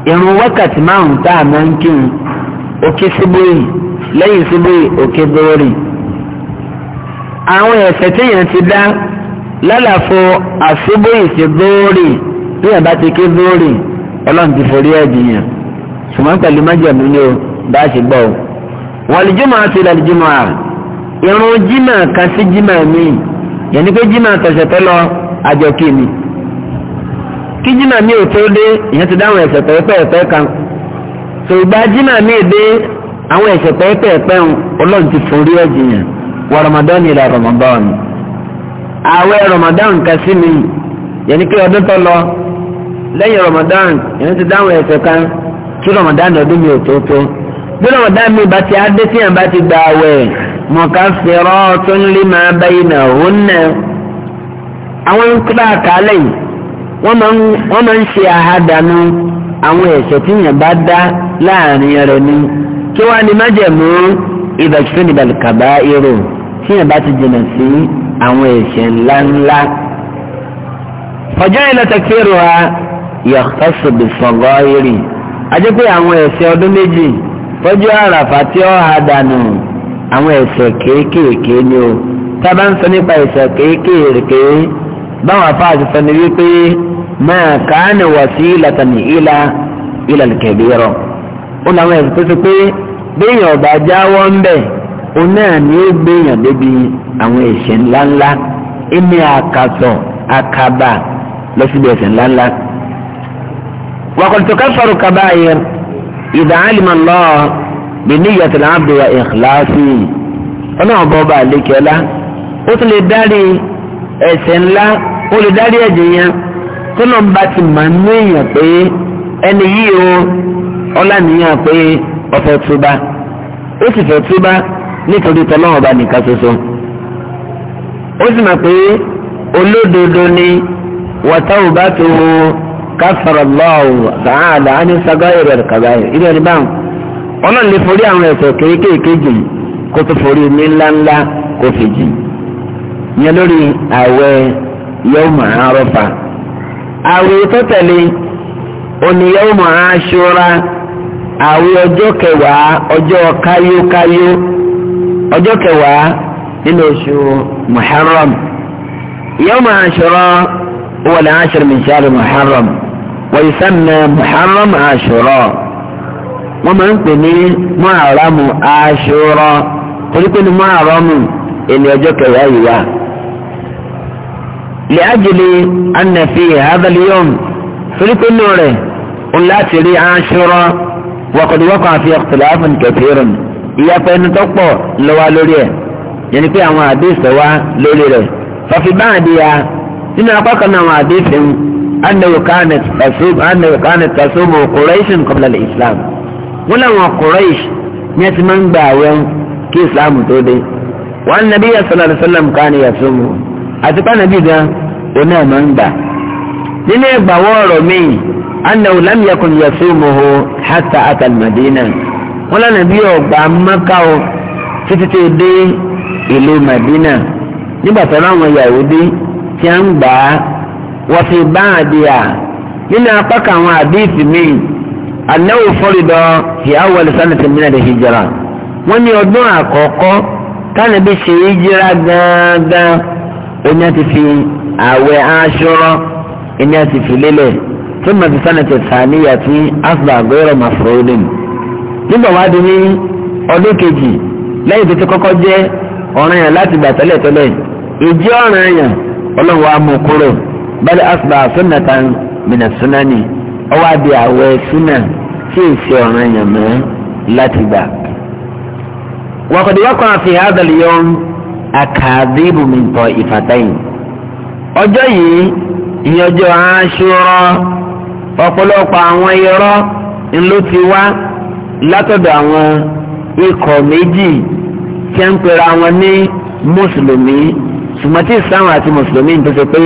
ان وقت ما انتهى منك وكسبه lẹ́yìn síbí òkè bórì àwọn ẹ̀ṣẹ̀ téèyàn ti dá lálàfo àṣubú ìṣe bórì bí ẹ̀ bá ti ké bórì ọlọ́run ti forí ẹ̀ jìyàn ṣùgbọ́n pẹ̀lú májẹ̀mú ni ó bá ṣe gbọ́ ọ. wọ́n lè jùmọ̀ àti ìlànà jùmọ̀ à irun jimá kan sí jimá mi yẹn ni pé jimá tọ̀sẹ̀ tẹ́ lọ àjọ kí mi kí jimá mi ò tó dé ìyẹn ti dáhùn ẹ̀ṣẹ̀ pẹ́ẹ́pẹ́ẹ́pẹ́ kan ṣùgbọ́n jimá mi dé àwọn ẹ̀ṣẹ̀ pẹ́ẹ́pẹ́ẹ́pẹ́ ń ọlọ́run forí ẹ̀jẹ̀ yẹn wọ Ramadan Ramadan àwẹ̀ Ramadan kan mi ni ọdún tó lọ lẹyìn Ramadan yẹn ti dáhùn kan tí Ramadan ọdún mi ò tó tó bí Ramadan mi bá ti adé tí yẹn ti gba àwẹ̀ mukaffiratun lima baynahunna àwọn kílá àkàlẹ̀ wọ́n máa ń ṣe àwọn tí yẹn bá dá láàrin rẹ̀ ni. kí wàá ní májẹ̀mú ìdọ̀tún ìbàlùkàbá irò tí yẹn bá ti jìnnà sí àwọn ẹ̀ṣẹ̀ ńláńlá. ọjọ́ ìlọ́tẹ̀kẹ́rù wa yọ̀tọ́sọ̀ bí sọ̀gọ́ irì ajẹ́ pé àwọn ẹ̀ṣẹ̀ ọdún méjì fọ́jú àràfà tí ó hà dànù àwọn ẹ̀ṣẹ̀ kéékèèké ni o tá a bá ń sọ nípa ẹ̀ṣẹ̀ kéékèèké báwọn afá àti ni wípé máa kàánì wọ̀ sí ìlàtàní ìlà ìlàlùkẹ̀bí rọ̀ ó làwọn ẹ̀ṣẹ̀ tó ti pé béèyàn ọba jáwọ́ ń bẹ̀ òun ni ó gbéyàn débi àwọn ẹ̀ṣẹ̀ ńláńlá ẹni àkàtọ̀ àkàbà lọ ẹ̀ṣẹ̀ ńláńlá. kaba yẹ ịdọ lọ bìnní yàtọ̀lá àbúrò ìkìláàsì ọlọ́run bọ́ ọba àlékẹ́lá ó tún lè dárí ẹ̀ṣẹ̀ ńlá ó lè dárí ẹ̀jẹ̀ yẹn tó lọ́n bá ti mà ń ní ọfẹ́ túbá ó sì fẹ́ túbá nítorí tọ́lọ́wọ́n bá nìkan ṣoṣo ó sì mọ̀ pé olódodo ni wàtáwù bá tó wo káfàrà lọ́wọ́ sàáàlà á ní sagá ìrẹ̀ kàbá ìrẹ̀ rí báwọn ọlọ́run lè forí àwọn ẹ̀ṣẹ̀ kéékèèké jì kó tó forí ní ńláńlá kó fi jì àwẹ̀ ọjọ́ kẹwàá ọjọ́ káyókáyó ọjọ́ kẹwàá nínú oṣù muharram yawma ashura huwa al-ashir min shahr muharram wa yusamma muharram ashura wọ́n máa ń pè ní muharram ashura torí pé ní muharram ẹni ọjọ́ kẹwàá yìí wá. لأجل أن في هذا اليوم torí pé nínú rẹ̀ òun láti rí وقد وقع في اختلاف كثير ìyapa ẹni tó pọ̀ ló wà lórí ẹ̀ yẹni pé àwọn àdéhùn wà lórí rẹ̀ fàfi báàdì ya nínú akọ́kọ́ náà àwọn àdéhùn anáwó kánẹt tasum anáwó kánẹt tasum kùrẹ́ṣì kọ́bílẹ̀ islam wọ́n làwọn kùrẹ́ṣì ní ẹ ti máa ń gba àwẹ̀n kí islam tó dé wọ́n nàbí sallallahu alaihi wasallam kánẹ yasum àti pànàbí gan oní ẹ̀ máa ń gbà nínú ẹgbàwọ́ ọ̀rọ̀ míì annahu lam yakun yasumuhu hatta ata almadina wọn lọ́nà bí ọgbà maka o títí tó dé ìlú madina nígbà tó láwọn yahudi tí a ń gbà á wọ́n fi bá àdìyà nínú apá kan àwọn àdìsí míì annahu fọ́rìdọ̀ fi awwal sanati min al-hijra wọ́n ní ọdún àkọ́kọ́ tánàbí ṣe hijira gángan oní àti fi àwẹ̀ aṣọ́rọ́ ẹni àti fi lélẹ̀. ثم في السنة الثانية أصبح غير مفعول nígbà wá di ní ọdún kejì lẹ́yìn tó ti kọ́kọ́ jẹ́ ọ̀ràn yàn láti gbà tẹ́lẹ̀ tẹ́lẹ̀ ìjẹ́ ọ̀ràn yàn ọlọ́run wa mú kúrò bal asba sunnatan mina sunani ọwọ́ àbí àwẹ̀ súnà tí èsì ọ̀ràn yàn mọ́ láti gbà. waqad waqa'a fi hadha al-yawm akadhibu min ọ̀pọ̀lọpọ̀ àwọn irọ́ ńlọ ti wá látọ̀dọ̀ àwọn ikọ̀ méjì tí ń pera wọn ní mùsùlùmí ṣùgbọ́n tí ìsìlámù àti mùsùlùmí ń tọ́sẹ̀ pé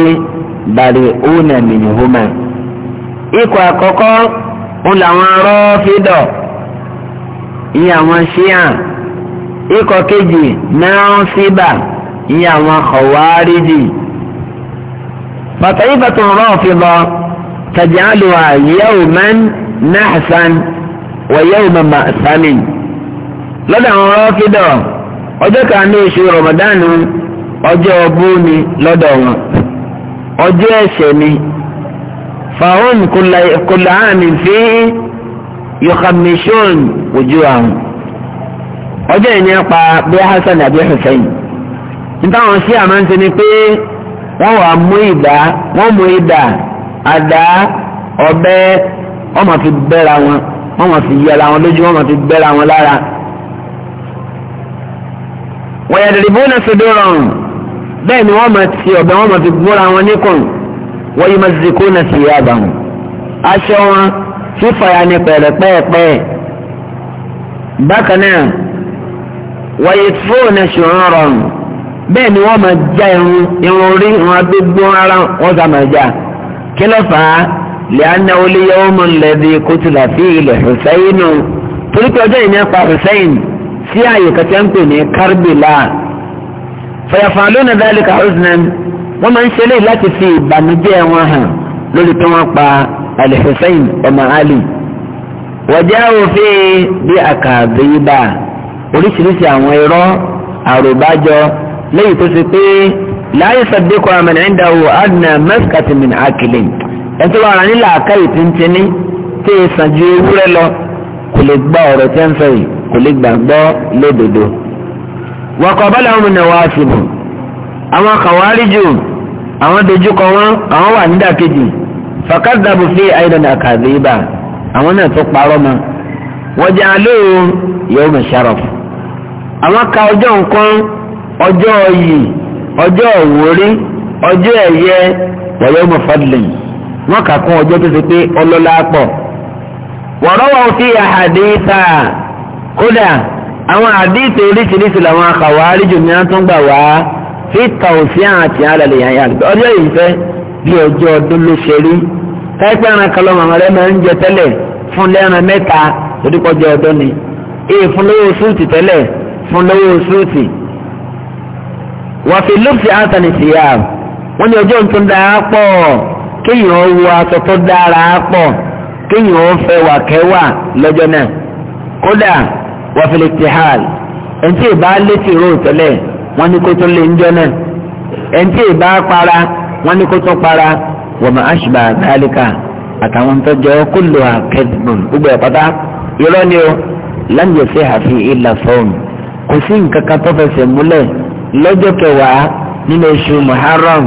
bàrẹ̀ òun àmì ìhùmà. ikọ̀ àkọ́kọ́ ń làwọn rọ́fídọ̀ ìyẹn àwọn ṣíà ikọ̀ kejì náà síbà ìyẹn àwọn kọ̀wárìjì. bàtà ìbátan rọ́fídọ̀. تجعلها يوما نحسا ويوما مأثما lọ́dọ̀ àwọn rọ́kídọ̀ ọjọ́ kan ní oṣù rọ̀mọ̀dánù ọjọ́ ọbú ni lọ́dọ̀ wọn ọjọ́ ẹ̀ṣẹ̀ ni fàhún kùlàánì fi yọkàmíṣọ́n ojú àwọn ọjọ́ ìní apá bí hasan àbí hussein nítawọn sí àmáǹtí ni pé wọ́n wà mú ìdá wọ́n mú ìdá àdá ọ̀bẹ wọ́n máa fi bẹ́ra wọn wọ́n máa fi yẹra wọn lójú wọ́n máa fi bẹ́ra wọn lára. wọ́n yàtọ̀ ìbò náà fi dúró rọrùn bẹ́ẹ̀ ni wọ́n máa ti ọ̀bẹ wọ́n máa fi gbóra wọn níkùn wọ́n yìí máa zikó náà sì yá àbàwọ̀n. aṣọ wọn fífọ̀ ya ni pẹ̀rẹ̀pẹ̀ẹ̀pẹ̀ bákan náà wọ́n yìí tó náà ṣòro rọrùn bẹ́ẹ̀ ni wọ́n máa já irun irun orí irun agbégbó ara wọ́n sá máa já kí ló fà á lẹ́yìn olè yẹ́wò mọ̀ lẹ́bi kótìlá fi ilẹ̀ Hùsẹ́yìnù torí pé ọjọ́ ìní pa Hùsẹ́yìn sí ààyè kẹtẹ́ ń pè ní Karbila fẹ̀yàfà lónà dálíkà ọ̀sán wọ́n máa ń ṣe léyìí láti fi ìbànújẹ́ wọn hàn lórí pé wọ́n pa Al-Hussein ọmọ Ali wọ́jà òfin bí àkàbíyíbà oríṣiríṣi àwọn irọ́ àròbájọ lẹ́yìn tó ṣe pé láyé sàdékọ àmàlẹ́ ń dáwọ́ adìnà mẹ́sìkàtì mìn àkìlẹ̀ ẹ̀ tó wà nílà àkáyè tìǹtìní tí ì sàn ju ewúrẹ́ lọ kò lè gbọ́ ọ̀rọ̀ tẹ́ ń sọ yìí kò lè gbàgbọ́ lódodo. wọ́kọ̀ bọ́lá wọn ni wàá sìbò àwọn kàwárí jù àwọn dojúkọ wọn àwọn wà nídàkejì fàkàdàbò fi àìdàn àkàdé ibà àwọn náà tó parọ́ mọ́ wọ́n jẹ́ alóòrùn yóò mọ̀ àwọn ka ọjọ́ nǹkan ọjọ́ yìí ọjọ́ òwúrí ọjọ́ ẹ̀yẹ wọ̀yọ́ mọ̀fọ́dìlìn wọ́n kà kún ọjọ́ tó ti pé ọlọ́lá pọ̀ wọ̀rọ̀wọ̀ fi àhàdíta kódà àwọn àdíta oríṣiríṣi làwọn àkàwárí jù ní àtúngbà wá fi tàùsí àti àlàlẹ̀ yàyà ọjọ́ ìfẹ́ bí ọjọ́ ọdún ló ṣe rí táìpẹ́ ẹran kalọ́ màmá rẹ máa ń jẹ tẹ́lẹ̀ fún wàfi lóòtì àtàní síyà wọ́n ní ọjọ́ tó dáa pọ̀ kéèyàn ó wọ aṣọ tó dára pọ̀ kéèyàn ó fẹ́ wà kẹwà lọ́jọ́ náà kódà wàfi lè ti hà ẹ̀ǹtí ìbá létí rò tẹ́lẹ̀ wọ́n ní kó tó lé ńjọ́ náà ẹ̀ǹtí ìbá para wọ́n ní kó tó para wọ́n máa ṣùgbọ́n àgbáríkà àtàwọn tó jọ kúlò àkẹ́dùn gbogbo ẹ̀ pátá ni o láǹjẹ̀ sí àfi ìlà fọ́ọ̀mù kò sí nǹkan kan tó fẹsẹ̀ múlẹ̀ lọ́jọ́ kẹwàá nínú oṣù muharram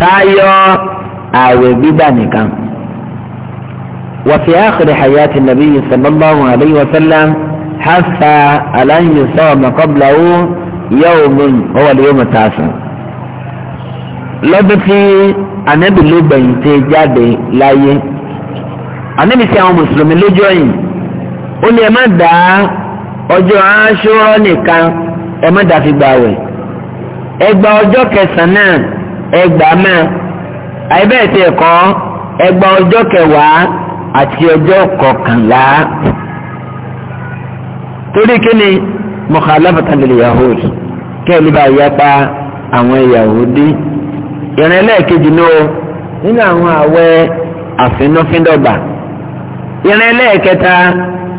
táyọ ààwẹ̀ gbígbà nìkan. وفي آخر حياة النبي صلى الله عليه وسلم حث على أن يصام قبله يوم هو اليوم التاسع lọ́dún tí anábì ló gbẹ̀yìn tẹ jáde láyé anábì sí àwọn mùsùlùmí lójú ọ̀yìn ó ní ẹ má dá ọjọ́ aṣọ́rọ́ nìkan ẹ má dá fi gbààwẹ̀ ẹgbà ọjọ́ kẹsàn-án ẹgbà máa àìbẹ́ẹ̀tì ẹ̀kọ́ ẹgbà ọjọ́ kẹwàá àti ọjọ́ kọkànlá torí kíni mukhalafatan lil yahud kẹ́ẹ̀lì bá yapa àwọn yahudi ìrìn ẹlẹ́ẹ̀kejì náà nínú àwọn àwẹ̀ àfinúfíndọ̀gbà ìrìn ẹlẹ́ẹ̀kẹta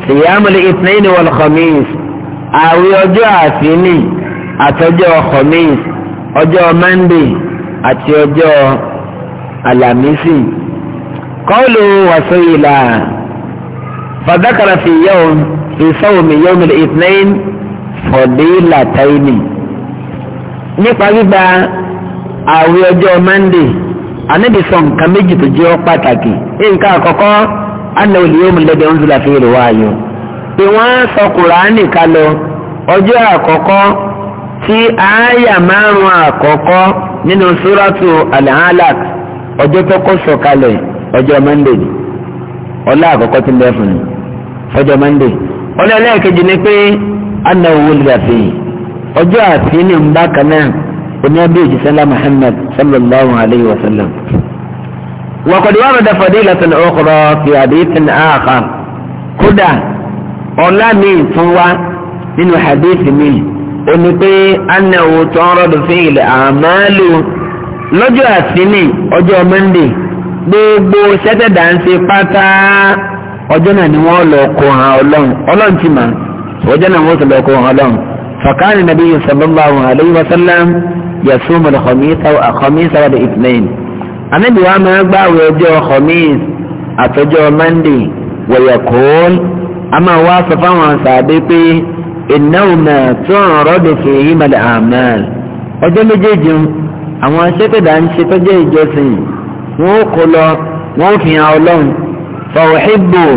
siyamul ithnaini wal khamis ọjọ́ àfínì àtọjọ́ khamis ọjọ́ monday àti ọjọ́ alamisi kọ́ọ̀lù wàsóyìlà fàdákàrà fi yẹ́wò fi sọ́wọ́mi yẹ́wò ìtìlẹ́yìn fọ̀déyìlà táyìnì nípa gbígba àwẹ̀ ọjọ́ monday anábìsọ nǹkan méjì tó jẹ́ pàtàkì nǹkan àkọ́kọ́ anáwòlì yẹ́wò lẹ́dẹ̀ ń zùlà fi rè wáyò pé wọ́n sọ kùránì kalọ̀ ọjọ́ àkọ́kọ́ tí àáyà márùn-ún àkọ́kọ́ nínú súrátù Al-Alaq ọjọ́ tó kọ́ sọ̀kalẹ̀ ọjọ́ Monday ni ọlá àkọ́kọ́ tí ń bẹ fún mi ọjọ́ Monday ọlọ́ ẹlẹ́ẹ̀kejì ni pé anna wulida fi ọjọ́ àfihàn ń bá kan náà oní abẹ́ òjísẹ́lá Muhammad sallallahu alayhi wa sallam. وقد ورد فضيلة أخرى في حديث آخر كدا أولا من فوا من حديث من ó ní pé anáwó tó ń rọ́dọ̀ fi ilẹ̀ àmàlù lọ́jọ́ àtìní ọjọ́ mọ́ndé gbogbo sẹ́tẹ̀dá ń ṣe pátá ọjọ́ náà ni wọ́n lọ kó hàn ọlọ́run ọlọ́run ti mà ọjọ́ náà wọ́n sì lọ kó hàn ọlọ́run fàkàní nàbí sallallahu alayhi wa sallam yasumu al-khamisa wa al-khamisa wa wa máa gbààwẹ̀ ọjọ́ khamis àtọjọ́ mọ́ndé wọ̀yẹ̀kọ́ a máa wá sọ fáwọn sàbẹ́ pé إنهما تعرض فيهما الأعمال وجل جيجم أما شكد أن شكد جيجسي وقل وفي علم فأحبه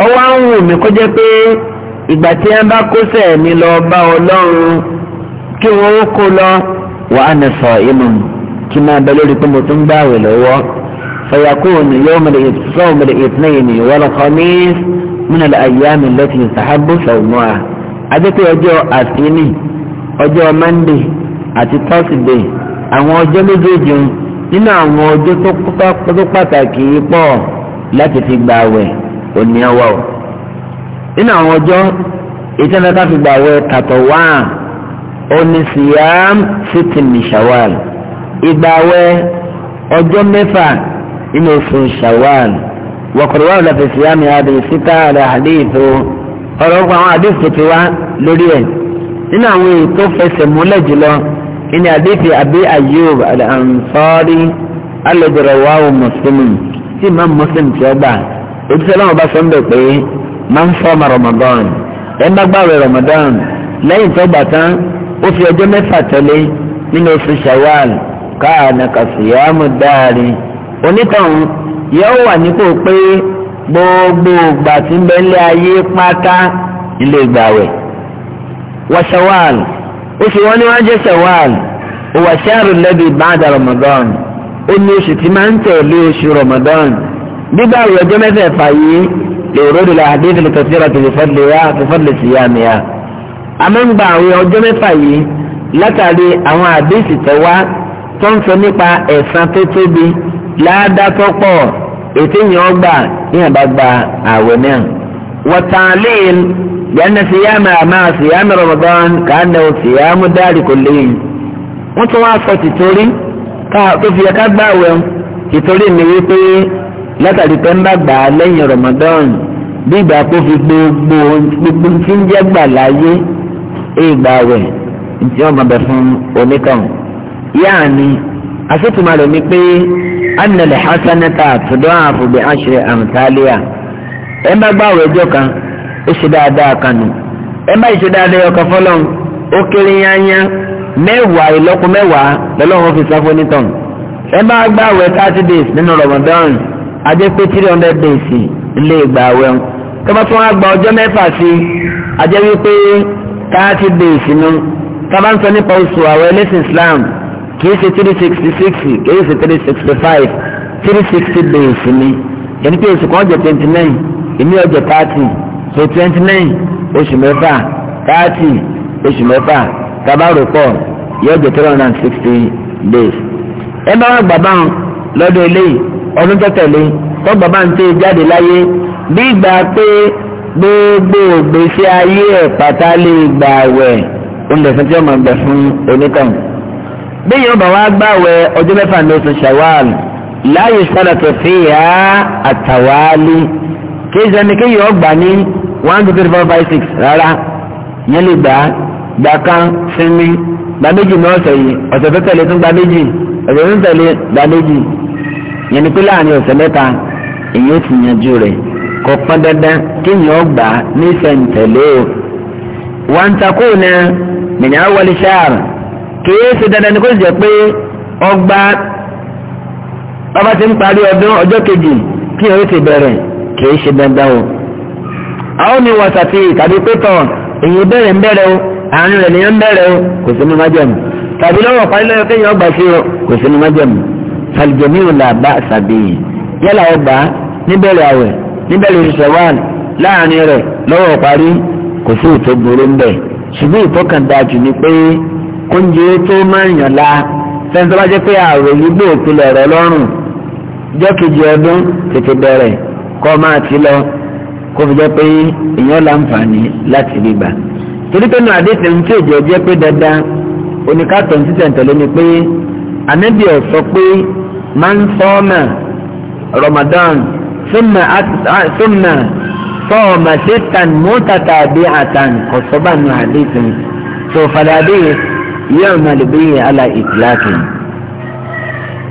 أو أعوه مقجبه إباتي أبا كسي من لعبا علم كي وقل وأنا صائم كما بلدكم تنباوي لهو فيكون يوم الصوم الاثنين والخميس من الأيام التي يتحب صومها adékè ọjọ́ àtìní ọjọ́ mọ́ndé àti tọ́sídé àwọn ọjọ́ méjèèjì nínú àwọn ọjọ́ tó pàtàkì pọ̀ láti fi gba àwẹ̀ òní ọwọ́ o nínú àwọn ọjọ́ ìtẹ́lẹ̀ ká fi gba àwẹ̀ kàtọ̀ wá òní siyam sítìmì shawal ìgbà àwẹ̀ ọjọ́ mẹ́fà nínú oṣù shawal wọ̀kọ̀rọ̀wá lọ́fẹ̀ẹ́ siyam yàrá ìsítà rẹ̀ àdéhìí ọ̀rọ̀ gba àwọn àdéhùn tó ti wá lórí ẹ̀ nínú àwọn èyí tó fẹsẹ̀ múlẹ̀ jùlọ ìní àdéhùn àbí Ayyub al-Ansari alẹ́dọ̀rọ̀wá o Muslim tí Imam Muslim ti ọgbà òtítọ́ náà bá sọ ń bẹ̀ pé máa ń fọ́ ọmọ Ramadan ẹ̀ ń bá gbàwẹ̀ Ramadan lẹ́yìn tó gbà tán ó fi ọjọ́ mẹ́fà tẹ̀lé nínú oṣù Shawwal káà nàkàsíyàmù dáàrin onítàn yóò wà nípò pé gbogbo ìgbà tí ń bẹ nílé ayé pátá ilé ìgbàwẹ̀ wà shawal oṣù wọn ni wọn jẹ shawal òwà ṣáàrù lẹbi bàdà ramadan ó ní oṣù tí máa ń tẹ̀lé oṣù ramadan gbígbà rẹ̀ ọjọ́ mẹ́fẹ̀ẹ̀fà yìí lè ròdì la àdéhùn lè tẹ̀síra tòfìfọ́lẹ̀ yá tòfìfọ́lẹ̀ sí yá mi yá. àwọn ọjọ́ mẹ́fà yìí látàrí àwọn àdéhùn tó tó ń sọ nípa ẹ̀san tó tóbi láàdá tó pọ̀ ètò yẹn ó gbà yẹn bá gba àwẹ̀ náà wọ́tàlín yẹnna síyáàmù àmà síyáàmù Ramadan kàánà síyáàmù dárì kò léyìn wọ́n tún wá sọ tìtorí tó fi yẹ ká gbà àwẹ̀ tìtorí mi wípé látàrí pé ń bá gbà á lẹ́yìn Ramadan bí ìgbà kó fi gbogbo gbogbo tí ń jẹ́ gbà láyé ìgbà àwẹ̀ tí wọ́n máa bẹ̀ fún oníkàn yáà ni àṣètùmọ̀ rẹ̀ ni pé anna alhasanata tudaafu bi ashri amthaliha ẹ bá gbààwẹ̀ ọjọ́ kan ó ṣe dáadáa kan nù ẹ bá ṣe dáadáa ọkàn fọlọ́n ó kéré yányá mẹ́wàá ìlọ́po mẹ́wàá lọ́lọ́run fi sanfó nítàn ẹ bá gbààwẹ̀ thirty days nínú Ramadan adé pé three hundred days ilé ìgbààwẹ̀ ń tó bá tún wá gba ọjọ́ mẹ́fà sí ajẹ́ wípé thirty days nù tábà ń sọ nípa oṣù Islam kìí ṣe three sixty six kìí ṣe three sixty five three sixty days ni ẹni pé oṣù kan jẹ́ twenty nine èmi ọjọ́ thirty so twenty nine oṣù mẹ́fà thirty oṣù mẹ́fà tabaru pọ̀ yóò jẹ́ three hundred and sixty days. ẹ bá wà gbàgbà lọ́dọ̀ eléyìí ọdún tó tẹ̀lé tó gbàgbà ń tẹ́ jáde láyé bí ìgbà pé gbogbo ìgbésí ayé ẹ̀ pátá lè gbà wẹ̀ ó lè fẹ́ tí ó máa gbà fún onítàn bẹ́ẹ̀ ọba wa gbàwẹ̀ ọjọ́ mẹ́fà ní oṣù shawal láàyè sọ́dọ̀tọ̀ fi hà àtàwálí kéjì ẹni kéyìí ọgbà ní one two three four five six rárá yẹn lè gbà gbà kan sinmi gbà méjì ní ọ̀sẹ̀ yìí ọ̀sẹ̀ tó tẹ̀lé tún gbà méjì ọ̀sẹ̀ tó tẹ̀lé gbà méjì yẹn ni pé láàrin ọ̀sẹ̀ mẹ́ta èyí ó ti yanjú rẹ̀ kò pọn dandan kéyìí ọgbà ní sẹ̀ǹtẹ̀lé o wàǹtakùn náà mìíràn wọlé ṣáàrù kìí ṣe dandan ni kó jẹ́ pé ọgbà ọba ti ń parí ọdún ọjọ́ kejì kí o ti bẹ̀rẹ̀ kìí ṣe dandan o. àwọn mi wọ̀sà ti tàbí pétọ̀ èyí bẹ̀rẹ̀ ń bẹ̀rẹ̀ o àárín rẹ̀ nìyẹn ń bẹ̀rẹ̀ o kò sínú májẹ̀mú tàbí lọ́wọ́ parí lọ́yọ̀ kéèyàn ọgbà sí o kò sínú májẹ̀mú fàlìjẹ̀mí ò là bá sàbí yálà ọgbà níbẹ̀rẹ̀ àwẹ̀ níbẹ̀rẹ̀ ìṣẹ̀wàn láàárín rẹ̀ lọ́wọ́ parí kò sí ìtó oúnjẹ tó máa la fẹ́ni tó bá jẹ́ pé ààrẹ yígbó òpinlẹ̀ ọ̀rọ̀ lọ́rùn jọ́ kejì ọdún tètè bẹ̀rẹ̀ kọ́ máa ti lọ kó fi jẹ́ pé èèyàn láǹfààní láti rí gbà. torí pé nù àdéhùn tí èjì ọjọ́ pé dandan oníkàtọ̀ ń títẹ̀ntẹ̀lé ni pé ànábì ọ̀ sọ pé máa ń sọ́ọ̀mà Ramadan súnmà sọ́ọ̀mà ṣe tàn mọ́tàtà àbí àtàn kọ̀sọ́bà nu àdéhùn tó fàdà àdéhùn يعمل به على إطلاقه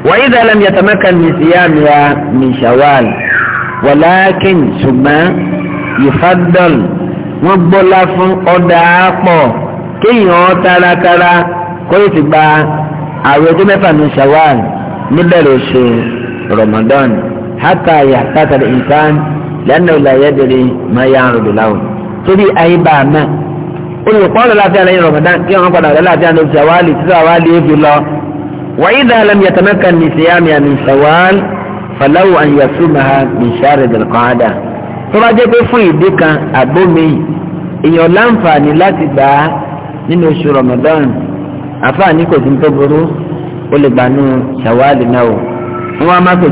وإذا لم يتمكن من صيامها من شوال ولكن ثم يفضل وبلا فن أدعاقه كي يوتر كرا كي تبا أعوذ مفا من شوال نبلوش رمضان حتى يحتاج الإنسان لأنه لا يدري ما يعرض له تبي أي ما olùkọ́ rẹ̀ láti àlẹ́ rọ̀mọ̀dán kí wọ́n padà rẹ̀ láti àlẹ́ ṣàwálì tí ṣàwálì ó fi lọ. wàyí dá alam yàtàmẹ́kà ní siyami àmì ṣàwál fàlàwù àyàsú màá ní sáré dẹ̀lkọ́ádà. tó bá jẹ́ pé fún ìdí kan àgbo mi èèyàn láǹfààní láti gbà á nínú oṣù rọ̀mọ̀dán àfààní kò sí tó burú ó lè gbà nù náà o. wọ́n á má kò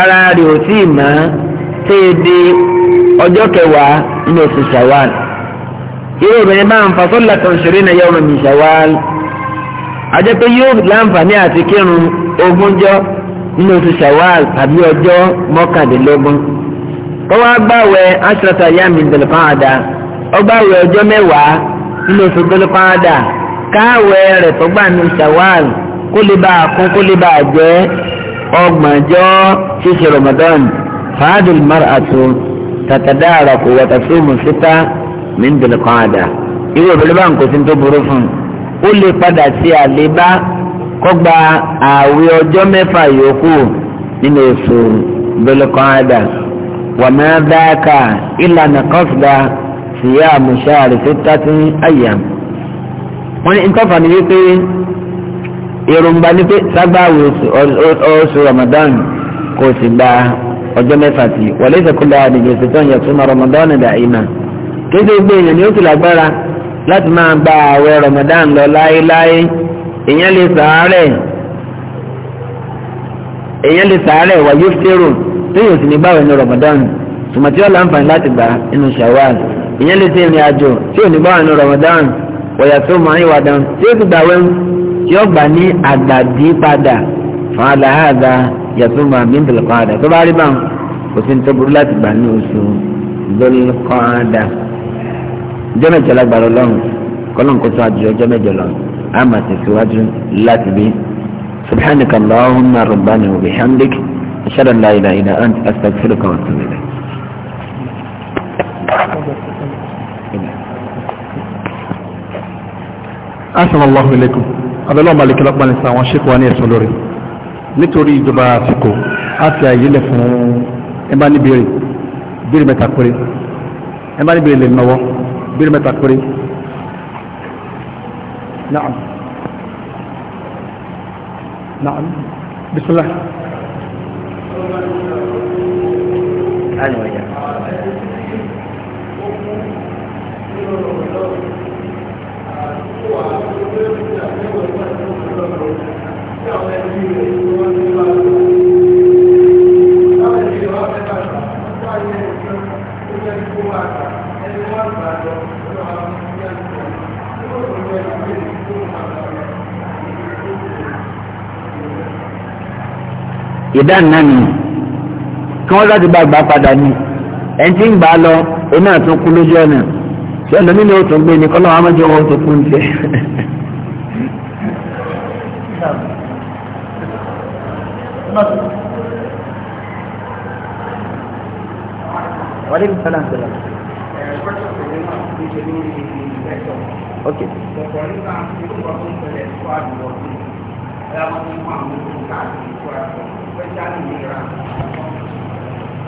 ara rẹ̀ ò tí ì tí e di ọjọ kẹwàá nínú oṣù Shawwal irú bá ń fa sọ́lá ṣeré náà yẹ ọmọ mi Shawwal ajẹ́ pé yóò láǹfààní àti kírun ogúnjọ́ nínú oṣù Shawwal ọjọ́ mọ́kàndínlógún kọ́wá gbàwẹ̀ yá mi ọgbàwẹ̀ ọjọ́ mẹ́wàá oṣù káwẹ̀ rẹ̀ ọgbọ̀njọ́ ṣíṣe Ramadan fàádùn mar'atu tatadaraku wa tasumu sita min bil qada irú obìnrin bá ń kó sí tó burú fún un ó lè padà sí àlébá kọgbà ààwẹ̀ ọjọ́ mẹ́fà yòókù nínú oṣù bil qada wa ma dhaka illa naqasda siyamu shahri sittati ayyam wọ́n ní ìtọ́fà ni wípé èròǹgbà ni pé sábàáwò oṣù Ramadan kò sì gba ọjọ́ mẹ́fà tí wọlé ìṣẹ̀kúlẹ̀ àdìjọ ṣètò ìyẹn fún Ramadan dà ìmà kéde gbé èèyàn ni ó ti lágbára láti máa gba ààwẹ̀ Ramadan lọ láéláé èèyàn lè sàárẹ̀ èèyàn lè sàárẹ̀ wáyé fẹ́rò tó yóò sì ní báwọn ní Ramadan tòmọ̀tí ọ̀la ń fàn láti gbà inú Shawwal èèyàn lè ṣe àjò tí ò ní báwọn ní Ramadan wọ̀yà tó tí ó ti gbà tí ó gbà ní àgbàdì padà fún aláhàdá yàtọ̀ máa bí kọ́ àdá tó bá rí báwọn kò sí ní tó burú láti gbà ní oṣù lórí àdá. ọjọ́ mẹ́jọ lágbára ọlọ́run kọ́lọ́n kó tó àjùlọ ọjọ́ mẹ́jọ lọ á mà tẹ̀síwájú láti bí subhanaka allahumma rabbana wa bihamdik ashhadu an la ilaha illa anta astaghfiruka wa atubu ilayk أحسن الله إليكم abẹ́lẹ́ ọmọ àlekẹ́lẹ́ ọgbà ní sàwọn ṣẹ́kù wa ní ẹ̀sọ́ lórí nítorí ìjọba àsìkò á fi àyè lẹ̀ fún ẹ bá ní béèrè béèrè mẹ́ta péré ẹ bá ní béèrè lè nọwọ́ béèrè mẹ́ta péré. نعم نعم بسم الله أنا وياك ìdáná ni kí wọ́n láti bá gbà padà ni ẹni tí ń gbà lọ oní àtún kú lójú ọ̀nà tí ọ̀nà nínú òtún gbé ni kọ́lọ́ àmọ́jọ́ wọn tó kún jẹ. Okay dáwọ́ nínú àwọn olùkà àti ìkó àtọ̀ pẹ́jà nìyẹra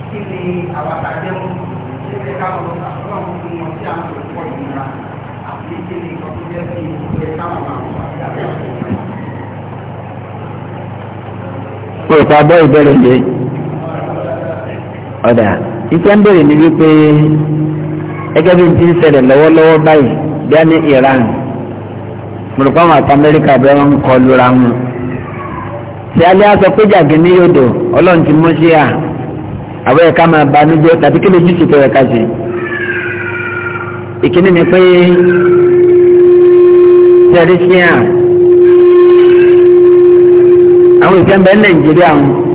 kí ni àwọn àtàjẹ́ mú ṣé ẹ ká lọ àtọ́nà fún wọn sí àwọn olùkọ́ ìnira àti ni ìkọ́ tó jẹ́ sí ìwé káwọn àwọn àti àtàjẹ́ Kò pa bọ́ ìbẹ̀rẹ̀ yìí ọ̀dà ìtẹ́ ń bèrè ní wípé gẹ́gẹ́ bí ti ń ṣẹlẹ̀ lọ́wọ́lọ́wọ́ báyìí bí a ní Iran mùrùkọ́ àwọn àti Amẹ́ríkà bẹ́ẹ̀ ń kọlu ra wọn tí alẹ́ aṣọ péjà gíní yóò dò ọlọ́run ti mọ́ sí à àwọn ẹ̀ka máa banújẹ́ tàbí kí lójú ti tọrẹ ká sí. ìkíní ni pé tẹ̀rí sí à àwọn ìkẹ́ńbẹ́ nàìjíríà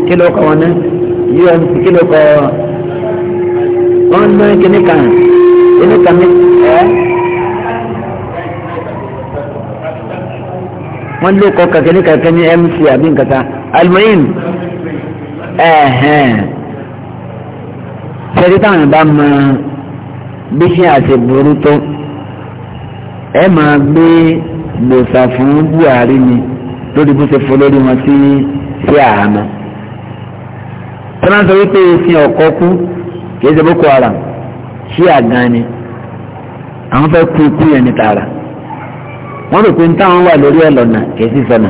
kí ló kọ́ wọn ná umc kí ló kọ́ wọn ná kíní kan kíní kan ní wọ́n ló kọ́ kẹ̀kẹ́ ní kẹ̀kẹ́ ní mc àbí nkàtà almuhim ẹ̀hẹ́n ṣẹ́rí táwọn bá mọ bí ṣe àti burú tó ẹ máa gbé gbòòsà fún Buhari ni lórí bó ṣe fọ lórí wọn sí sí àhámọ́ tí wípé ìsìn ọ̀kọ́ kú kì í ṣe Boko Haram ṣí àgán ni àwọn fẹ́ kú ikú yẹn ní tààrà wọ́n rò pé ń táwọn wà lórí ẹ̀lọ́nà kìí sọ̀nà.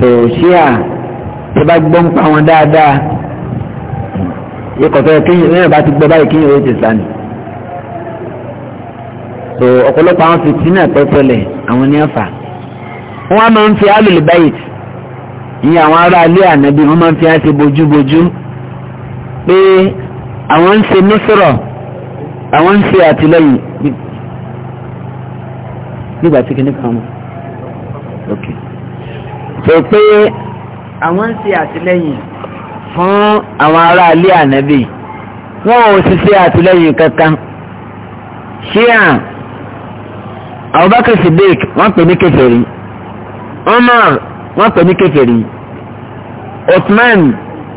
tòṣìà tí bá gbọ́ ń pa wọn dáadáa ikọ̀ tó yẹ kéyìn lẹ́yìn bá ti gbọ́ báyìí kéyìn ó ti sànì. tó ọ̀pọ̀lọpọ̀ àwọn fìtínà tó ṣẹlẹ̀ àwọn ní ọ̀fà. wọ́n á máa ń fi alùlù báyìí ìyẹn àwọn ará ilé ànábì wọ́n máa ń fi á ṣe bojúbojú pé àwọn ń ṣe nísọ̀rọ̀ àwọn ń ṣe àtìlẹ́yìn nígbà tí kìíní kan mọ́ ok sọ pé àwọn ń ṣe àtìlẹ́yìn fún àwọn ará ilé ànábì wọn ò sì ṣe àtìlẹ́yìn kankan ṣíà Abubakar Siddiq wọ́n pè ní kèfèrí Umar wọ́n pè ní kèfèrí Uthman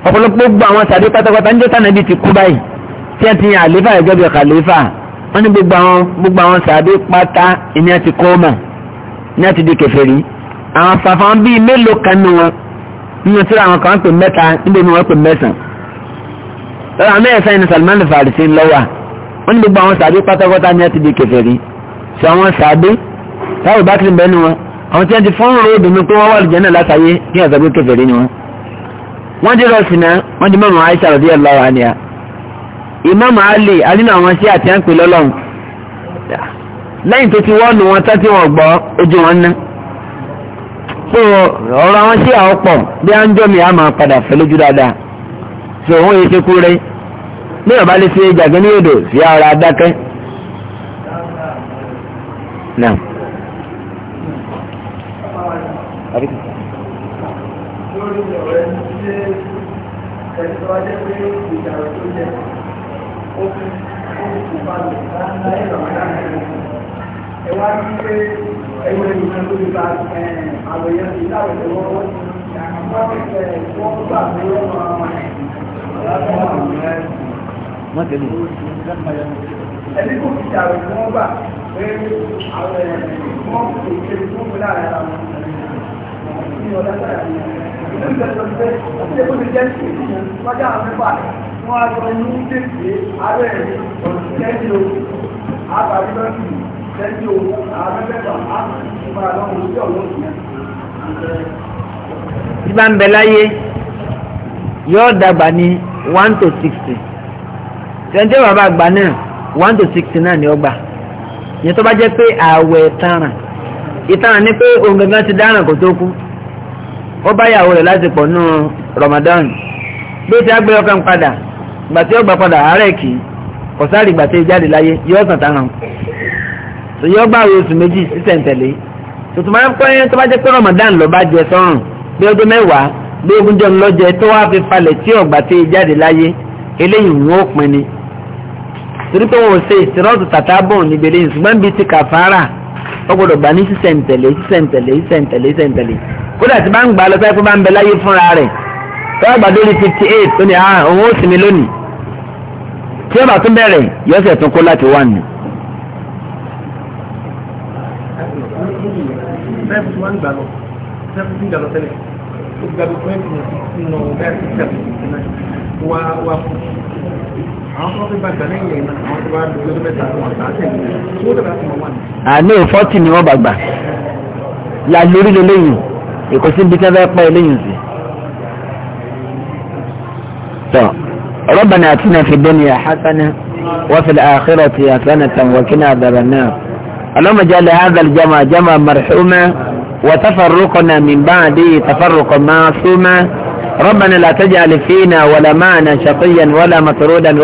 ọ̀pọ̀lọpọ̀ gbogbo àwọn sàdé pátápátá ń jẹ́ tànàbí ti kú báyìí tí ẹ ti yàn àléfà ẹ̀jọ́ bí khalifa wọ́n ní gbogbo àwọn gbogbo àwọn sàbí pátá ìní àti kọ́ọ̀mà ní àti di kèfèrí àwọn afàfà bíi mélòó kan ní wọn nínú tí àwọn kan pè mẹ́ta níbi ni wọ́n pè mẹ́sàn-án lọ́wọ́ amẹ́yẹsán ní Salman Farisi lọ́wọ́ wọ́n ní gbogbo àwọn sàbí pátákọ́tá ní àti di kèfèrí sọ àwọn sàbí táwọn bá ti bẹ́ẹ̀ ni wọn àwọn tí wọ́n ti fún ròdù ní pé wọ́n wà lùjẹ́ náà látàyé kí wọ́n sọ Imam Ali na àwọn sí àti àǹpè lọ́lọ́run lẹ́yìn tó ti wọ́ọ̀nù wọn tán tí wọ́n gbọ́ ojú wọn ná so ọ̀rọ̀ àwọn sí àwọn pọ̀ bí a ń jọ́ mi a máa padà fẹ́ lójú dáadáa so òun yìí ṣe kú rẹ ní ọ̀bá lè ṣe jàgbé ní odò sí ara adákẹ́ Thank you ó ti ó ti kó balẹ̀ láyé ramadan ẹ wá ní pé ẹgbẹ́ ìgbà tó ti ba àwòyẹ ti láwẹ̀ lọ́wọ́ wọ́n ti fẹ́ wọ́n gbà pé wọ́n máa wọ́n tẹ̀lé ẹni kò fi ṣàrò tí gbà pé àwọn ẹ̀rọ wọ́n kò ṣe fún mi láàárín àwọn ọmọ Wọ́n á sọ ní kéèké ààrẹ ẹ̀rí ọ̀sùn kẹ́jì o, àbàrí lọ́sì kẹ́jì o, àbẹ́bẹ̀bà áàrùn ìgbà lọ́wọ́ orí ọ̀lọ́sì. Tí bá ń bẹ láyé, yóò dàgbà ní 1 to 60. Tẹ́ntẹ́ bàbá àgbà náà, 1 to 60 náà ni ọgbà. Ìyẹn tó bá jẹ́ pé ààwẹ̀ taràn ìtàn ni pé ohun gangan ti dáràn kó tó kú ó bá yàwó rẹ̀ láti pọ̀ nù Ramadan bí ti agbé ọkàn padà ìgbà tí ó gbà padà àárẹ̀ kì í kò sáré ìgbà tí ó jáde láyé yóò sàn tán ràn tó yọ gbà àwọn oṣù méjì sísẹ̀ǹtẹ̀lé tuntun máa ń pẹ́ tó bá jẹ́ pé Ramadan ló bá jẹ sọ́run bí ọdún mẹ́wàá bí ogúnjọ́ ń lọ́jẹ tó wá fi falẹ̀ tí ọ̀gbà tí ó jáde láyé eléyìí ń ó ni torí pé wọn ò ṣe ìṣirọ́ọ̀tù tàtàbọ̀ níbi eléyìí ṣùgbọ́n bíi ti kàfàrà ó gbọ́dọ̀ gbà ní sísẹ̀ǹtẹ̀lé sísẹ̀ǹtẹ̀lé sísẹ̀ǹtẹ̀lé sísẹ̀ǹtẹ̀lé kódà tí bá ń gbà lọ sáyé fún bá ń bẹ láyé fúnra rẹ̀ tọ́wọ́ gbà dórí fifty eight ó ní ah òun ó sinmi lónìí tí ó bá tún bẹ̀rẹ̀ yọ̀ọ́sẹ̀ tún kó láti wà nù. seventy one gbà lọ seventeen gbà lọ tẹ́lẹ̀. أنا o forty ni won bagba ya lori leleyin iko tin bi tebe pa eleyin si to ربنا اتنا في الدنيا حسنه وفي الاخره حسنه وكنا عذاب النار اللهم اجعل هذا الجمع جمع مرحومه وتفرقنا من بعده تفرقا معصوما ربنا لا تجعل فينا ولا معنا شقيا ولا مطرودا